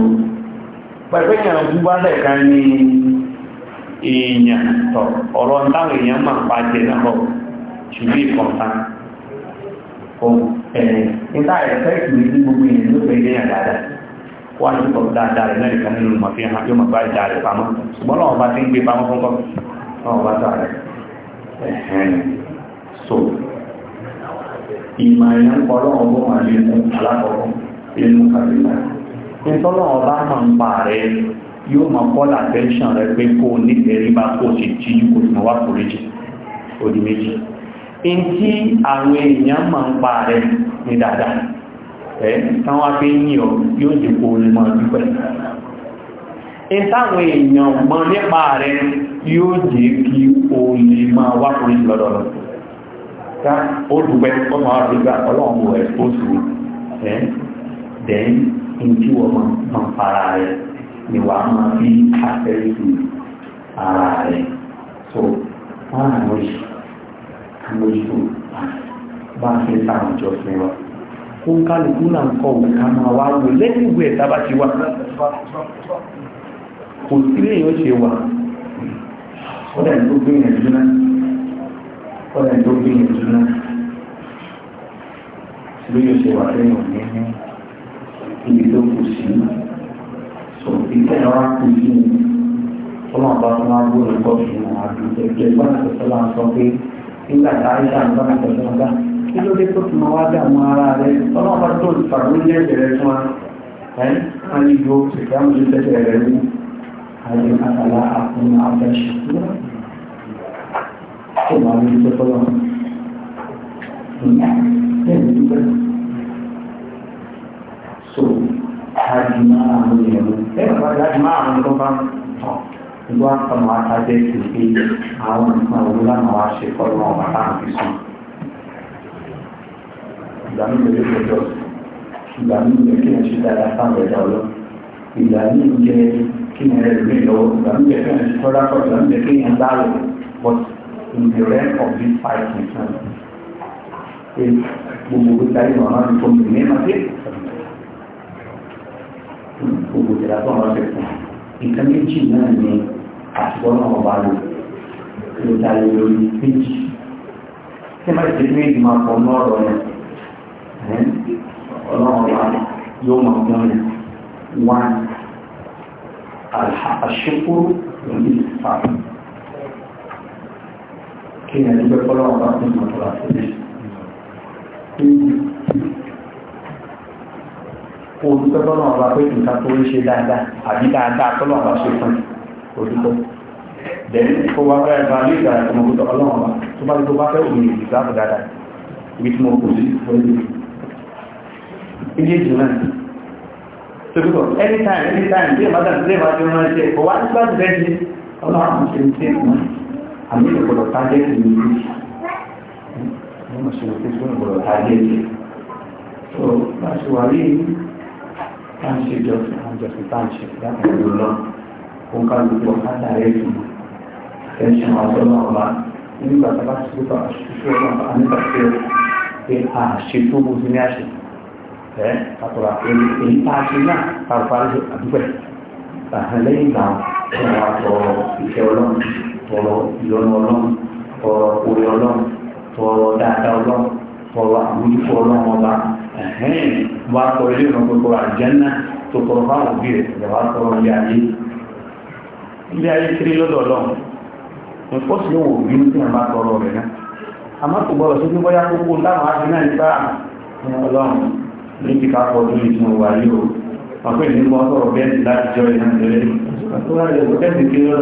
pẹ̀lú èèyàn tó bá lẹ̀ka wá ní kọ̀ dáadáa rẹ̀ lẹ́yìn kan nínú màfi hàn yóò máa bá ìdá rẹ̀ pamọ́ ṣùgbọ́n lọ́wọ́ bá ti ń gbé pamọ́ fún kọ́ lọ́wọ́ bá tà rẹ̀ ẹ̀hẹ́n so ìmọ̀ ẹ̀yàn kọ́ lọ́wọ́ bó máa lè mú alákọ̀ọ́kọ́ inú kàrí náà ìtọ́lọ́wọ́ bá máa ń pa rẹ̀ yóò máa kọ́ làtẹ́ńṣàn rẹ̀ pé kó o nífẹ̀ẹ́ rí bá kó o ẹ̀ táwọn afẹ́ yìí ọ yóò jẹ́ kó lè máa dúpẹ́ ìtàwọn èèyàn mọ̀ nípa rẹ̀ yóò jẹ́ kí o lè máa wá fún ìlọ́dọ̀ lọ ká ó dúpẹ́ ọmọ àrígbà ọlọ́run ẹ̀ ó sì ẹ̀ dẹ̀ ń tí wọ́n máa fara rẹ̀ ni wà tó ń kálukú náà kọ òǹkà máa wá wò lẹ́yìn ìwé ẹ̀ta bá ti wà kò sí lè yóò ṣe wà ọ̀dà ìlú gbìyànjú náà ọ̀dà ìlú gbìyànjú náà ló yóò ṣe wà lẹ́yìn òní ní ibi tó kù sí sọ ìfẹ́ ẹ̀rọ kù sí ni ọlọ́run bá tún máa gbóòrò kọ́ fún àdúgbò ẹgbẹ́ bá ń sọ pé nígbà tá a ń ṣàǹfààní pẹ̀lú ọ̀gá kí ló dé tó fi máa wá dààmú ara rẹ ọlọ́run bá tó ìfàgbé ní ẹ̀jẹ̀ rẹ fún wa ẹ́ a lè yọ ìdáhùn ní ẹ̀jẹ̀ rẹ ní tó máa ní ìjọ tọ́lọ̀ so hajjima àwọn èèyàn ẹ̀rọ hajjima àwọn tó bá tọ̀ ìlú àpamọ́ àtàjẹ́ kìí pé àwọn nǹkan òwúlànà wa ṣe kọ́ lọ́wọ́ bàbá àfisùn ìgbà mi lè fẹjọ ìgbà mi lè kí n ṣe dáadáa fáwọn ẹ̀dá ọlọ ìgbà mi jẹ kí n rẹ lórí lọ́wọ́ ìgbà mi lè kí n ṣe tọ́lá kọ́ ìgbà mi lè kí n bá rẹ but in the realm of this fight in time gbogbo gbèsè ayé wọn máa ń tó mi ní màtí gbogbo ìjìlá tó wọn ṣe fún nǹkan méjì náà ni àtúbọ̀ náà wọn bá lò ló dá lórí méjì tí wọ́n ti ṣe méjì máa pọ̀ náà rọ̀ yẹn ọlọ́run wa yóò mọ̀ mọ́rin wọn àṣekú lórí ìfàmì kí ni ẹni pẹ́pọ́ lọ́wọ́ bá fún ìmọ̀ tọ́lá sí olùpẹ́ tọ́lọ́ ọba pé nǹkan tó ń ṣe dáadáa àbí dáadáa tọ́lọ́ ọba ṣe fún olùpẹ́ bẹ̀rẹ̀ kó wá bẹ́ẹ̀ bá lè gbà ẹ̀kọ́ mọ́kútọ́ ọlọ́run ọba tó bá lè tó bá fẹ́ òun ìgbà dáadáa ibi tí mo kò sí fún ìlú ilé ìjùmọ̀ tókùtọ̀ anytime anytime bí ìmọ̀ta sílé máa jẹun máa ṣe kò wá nígbà tí bẹ́ẹ̀ ni ọlọ́run ṣe ń tẹ́ ìmọ̀ àmì ìgbọ̀dọ̀ tágẹ́tì ní ìlú ọmọ ṣòro tí ó gbọ̀dọ̀ tágẹ́tì so bá ṣe wà rí táǹṣe jọsìn àjọsìn táǹṣe láti ìlú lọ ó ń ká gbogbo ọ̀kadà rẹ̀ jù tẹ̀sán àtọ́nà ọ̀la nígbà tí a bá ṣe tó bá ṣe tó bá ṣe tó bá ṣe tó bá ṣe tó bá ṣe tó bá ṣe tó bá ṣe tó bá ẹ́ àtọ̀rọ̀ èyí tá a ṣe náà pàápàá ṣe àdúgbò àhàn lẹ́yìn ìgbà wọn wá tọrọ ìfẹ́ ọlọ́run tọrọ ìyọnu ọlọ́run tọrọ orí ọlọ́run tọrọ dáadáa ọlọ́run tọrọ àmójútó ọlọ́run ọba wá tọrọ ilé ìrànwọ́ gbogbo àjẹ́nà tó tọrọ fáwọn òbí rẹ̀ ìjọba tọrọ ilé ayé ilé ayé kiri lọ́dọ̀ ọlọ́run nǹkan sì yóò wò bí ní ní kíkà pọ̀ lórí tí wọ́n wà yóò wọ́n pè ní wọ́n sọ̀rọ̀ bẹ́ẹ̀sì láti jọ ìhàn ìrẹ́lẹ̀ tó wá lè wọ́n tẹ́sì kí ó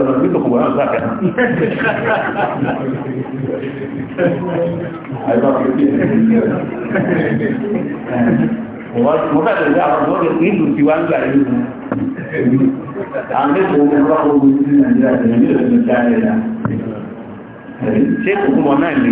mo fẹ́ tẹ̀lé àwọn ọ̀dọ́ nílùú ti wá ń gbà yìí mú àwọn ẹgbẹ́ òun ọ̀rọ̀ ogun sí nàìjíríà tẹ̀lé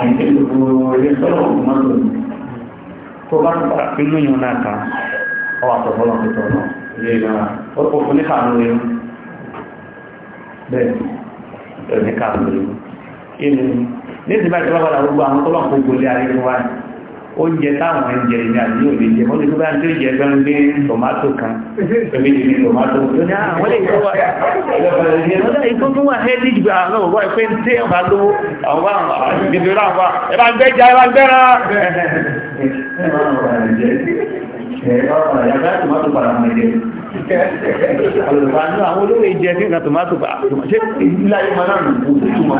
àìsí gbogbo ilé sọ́rọ̀ ọmọ lónìí tó bá ń padà pínú yìí náà kan ọwọ́ àtọ̀bọ́lọ̀ tó tọ̀ náà ilé ìlànà ó kò fún níkà lórí bẹ́ẹ̀ ẹ̀ níkà lórí ilé ní ìsìnbáyìí tó bá padà gbogbo àwọn oúnjẹ táwọn ẹ̀jẹ̀ ìrìn àti òní jẹ wọ́n lè tó bá ń tó jẹ lọ́n gbé tòmátò kan èmi ni tòmátò wọ́n lè ìyàgbá tòmátò padà ẹ̀jẹ̀ àlùbánú àwọn olówó ìjẹ sí ìrìnà tomato bá ṣe ìlàyé ma náà nùgbò sí ìtumọ̀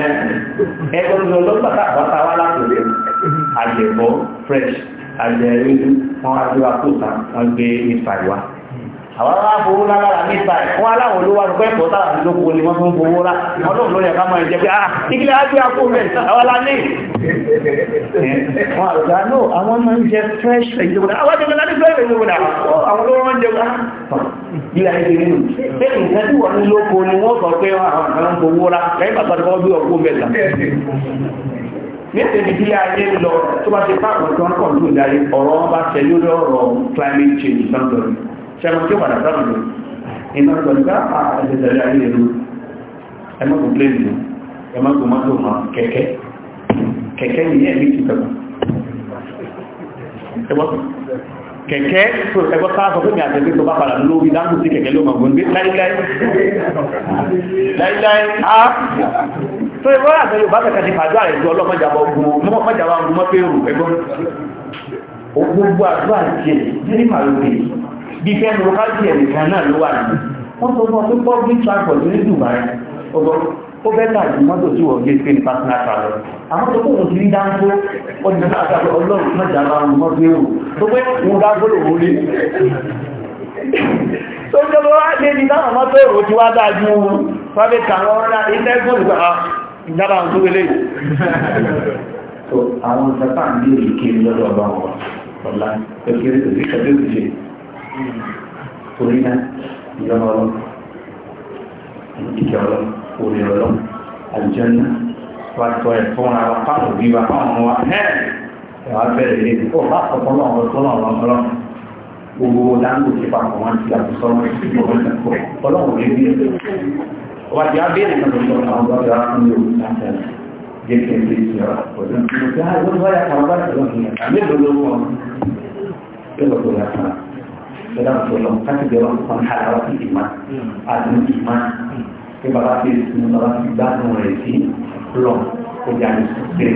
ẹgbẹ̀rún ọlọ́gbàtà àbáta wá látòlẹ̀ àjẹ̀bọ́ fresh àjẹ̀rẹ́ wọn àjọ àkóta wọn gbé ìfàìwá àwọn ará fowó lára nípa ẹ̀ wọ́n aláwọ̀ ló wà rúpẹ́ pọ̀ tára ní lóko ni wọ́n fún fowó rá ọlọ́run lórí ẹ̀ká máa jẹ́ pé ah ìgbìlẹ̀ á gbé àpò rẹ̀ àwọn alání wọn àrùdá no àwọn máa ń jẹ fresh vegetable oh, àwọn jẹ́ pẹ̀lú fresh vegetable àwọn ló wọ́n jẹ́ ìlà ìdè nínú pé nǹkan tí wọ́n ní lóko ni wọ́n sọ pé àwọn kan ń fowó rá lẹ́yìn bàtà tó bí ọkọ̀ mẹ́ta nítorí bí ayé lọ tó bá ti bá àwọn tó ń kọ̀ ní ìdarí ọ̀rọ̀ wọn bá tẹ̀lé lọ́rọ̀ climate change sọ́dọ̀ yìí ṣẹ́mọ̀ tí ó padà sáàmù lò iná gbọ̀nká àtẹ̀tẹ̀lẹ̀ ayé lò ẹmọ́kù pléèdì ẹmọ́kù mọ́tò mọ́ kẹ̀kẹ́ kẹ̀kẹ́ ní ẹ̀mí ti tọ̀gbà kẹ̀kẹ́ tó ẹgbọ́ sáàsọ fún mi àtẹ̀lẹ́ tó bá padà lórí dáńgù sí kẹ̀kẹ́ ló mọ̀gbọ́n gbé láíláí láíláí á tó ẹgbọ́ àtẹ̀lẹ́ ò bá kẹ̀kẹ́ ti fàájú àrẹ̀ ju ọlọ́mọjàbọ̀ ogun mọ́mọ́jàbọ̀ ogun mọ́ pé òrùn ẹgbọ́n gbogbo àdúrà jẹ́ nírí màlúù bí fẹ́ lọ bá jẹ́ nìkan náà ló wà nínú wọ́n sọ fún ọ pé public transport ní Dubai ọgbọ́n ó fẹ́ tà ju mọ́tò tí wọ́n gbé pé ní personal travel àwọn tó kóun ti ń dáńtó ọdún náà àti ọlọ́run náà jàmbá wọn mọ́ pé o tó pé wọn bá gbọ́dọ̀ wọlé tó ń jọba wá dé ní táwọn mọ́tò èrò ti wá dáa ju private car wọn rárá ilé ẹgbẹ́ òdùgbà ìjábà ń tó wẹlé àwọn ìjọba ń gbé ìkiri lọ́dọ̀ ọba wọn ọ̀la kékeré tó ti kẹ́kẹ́ tó torí náà ìjọba ọlọ́run ìjọba ọlọ́run òrè ọlọ́run àjọ náà wà tọ ẹ̀fọ́ wọn àwọn pápọ̀ bí wà fáwọn ọmọ wa ẹ̀wà bẹ̀rẹ̀ lé ní kó bá ọ̀pọ̀ náà ọ̀rọ̀ tó náà ọ̀rọ̀ ọlọ́run gbogbo dáńgò ti papọ̀ wọn ti àti sọ́nà ọlọ́run lè bí ọba ti á bẹ́ẹ̀rẹ̀ náà lọ́sọ̀rọ̀ àwọn ọba ti á fún mi òun láti ẹ̀ jẹ́kẹ́ ilé ìjọba pẹ̀lú ìgbà tó wáyà kan bá ìjọba ìyàtà mélòó ló wọ́n sọdá sọlọ káti bẹ̀rẹ̀ wọn kàn ká àwọn sí ìmá àdùn ìmá pé bàbá ti sùn bàbá ti gbádùn rẹ̀ sí lọ ọjà ní sùkúrẹ́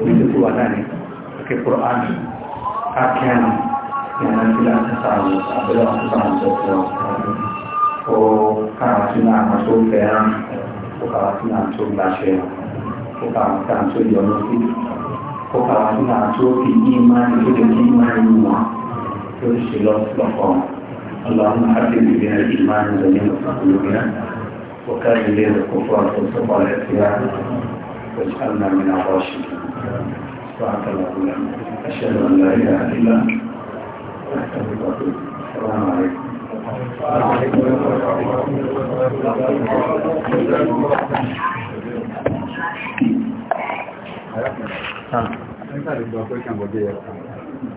onídùúkú wà náà ní ọkẹ́ kúrọ̀ áàmì kákíánì ìyànà sí láti sàrò àbẹ̀rẹ̀ wọn kó sàrò sọ̀tọ̀ ó kára sí náà àwọn tó fẹ́ràn ó kára كل شيء له اللهم حبب بنا الايمان زين قلوبنا وكان لنا الكفر والصفا الاتباع واجعلنا من الراشدين سبحانك اللهم اشهد ان لا اله الا انت استغفرك واتوب السلام عليكم السلام ورحمه الله وبركاته.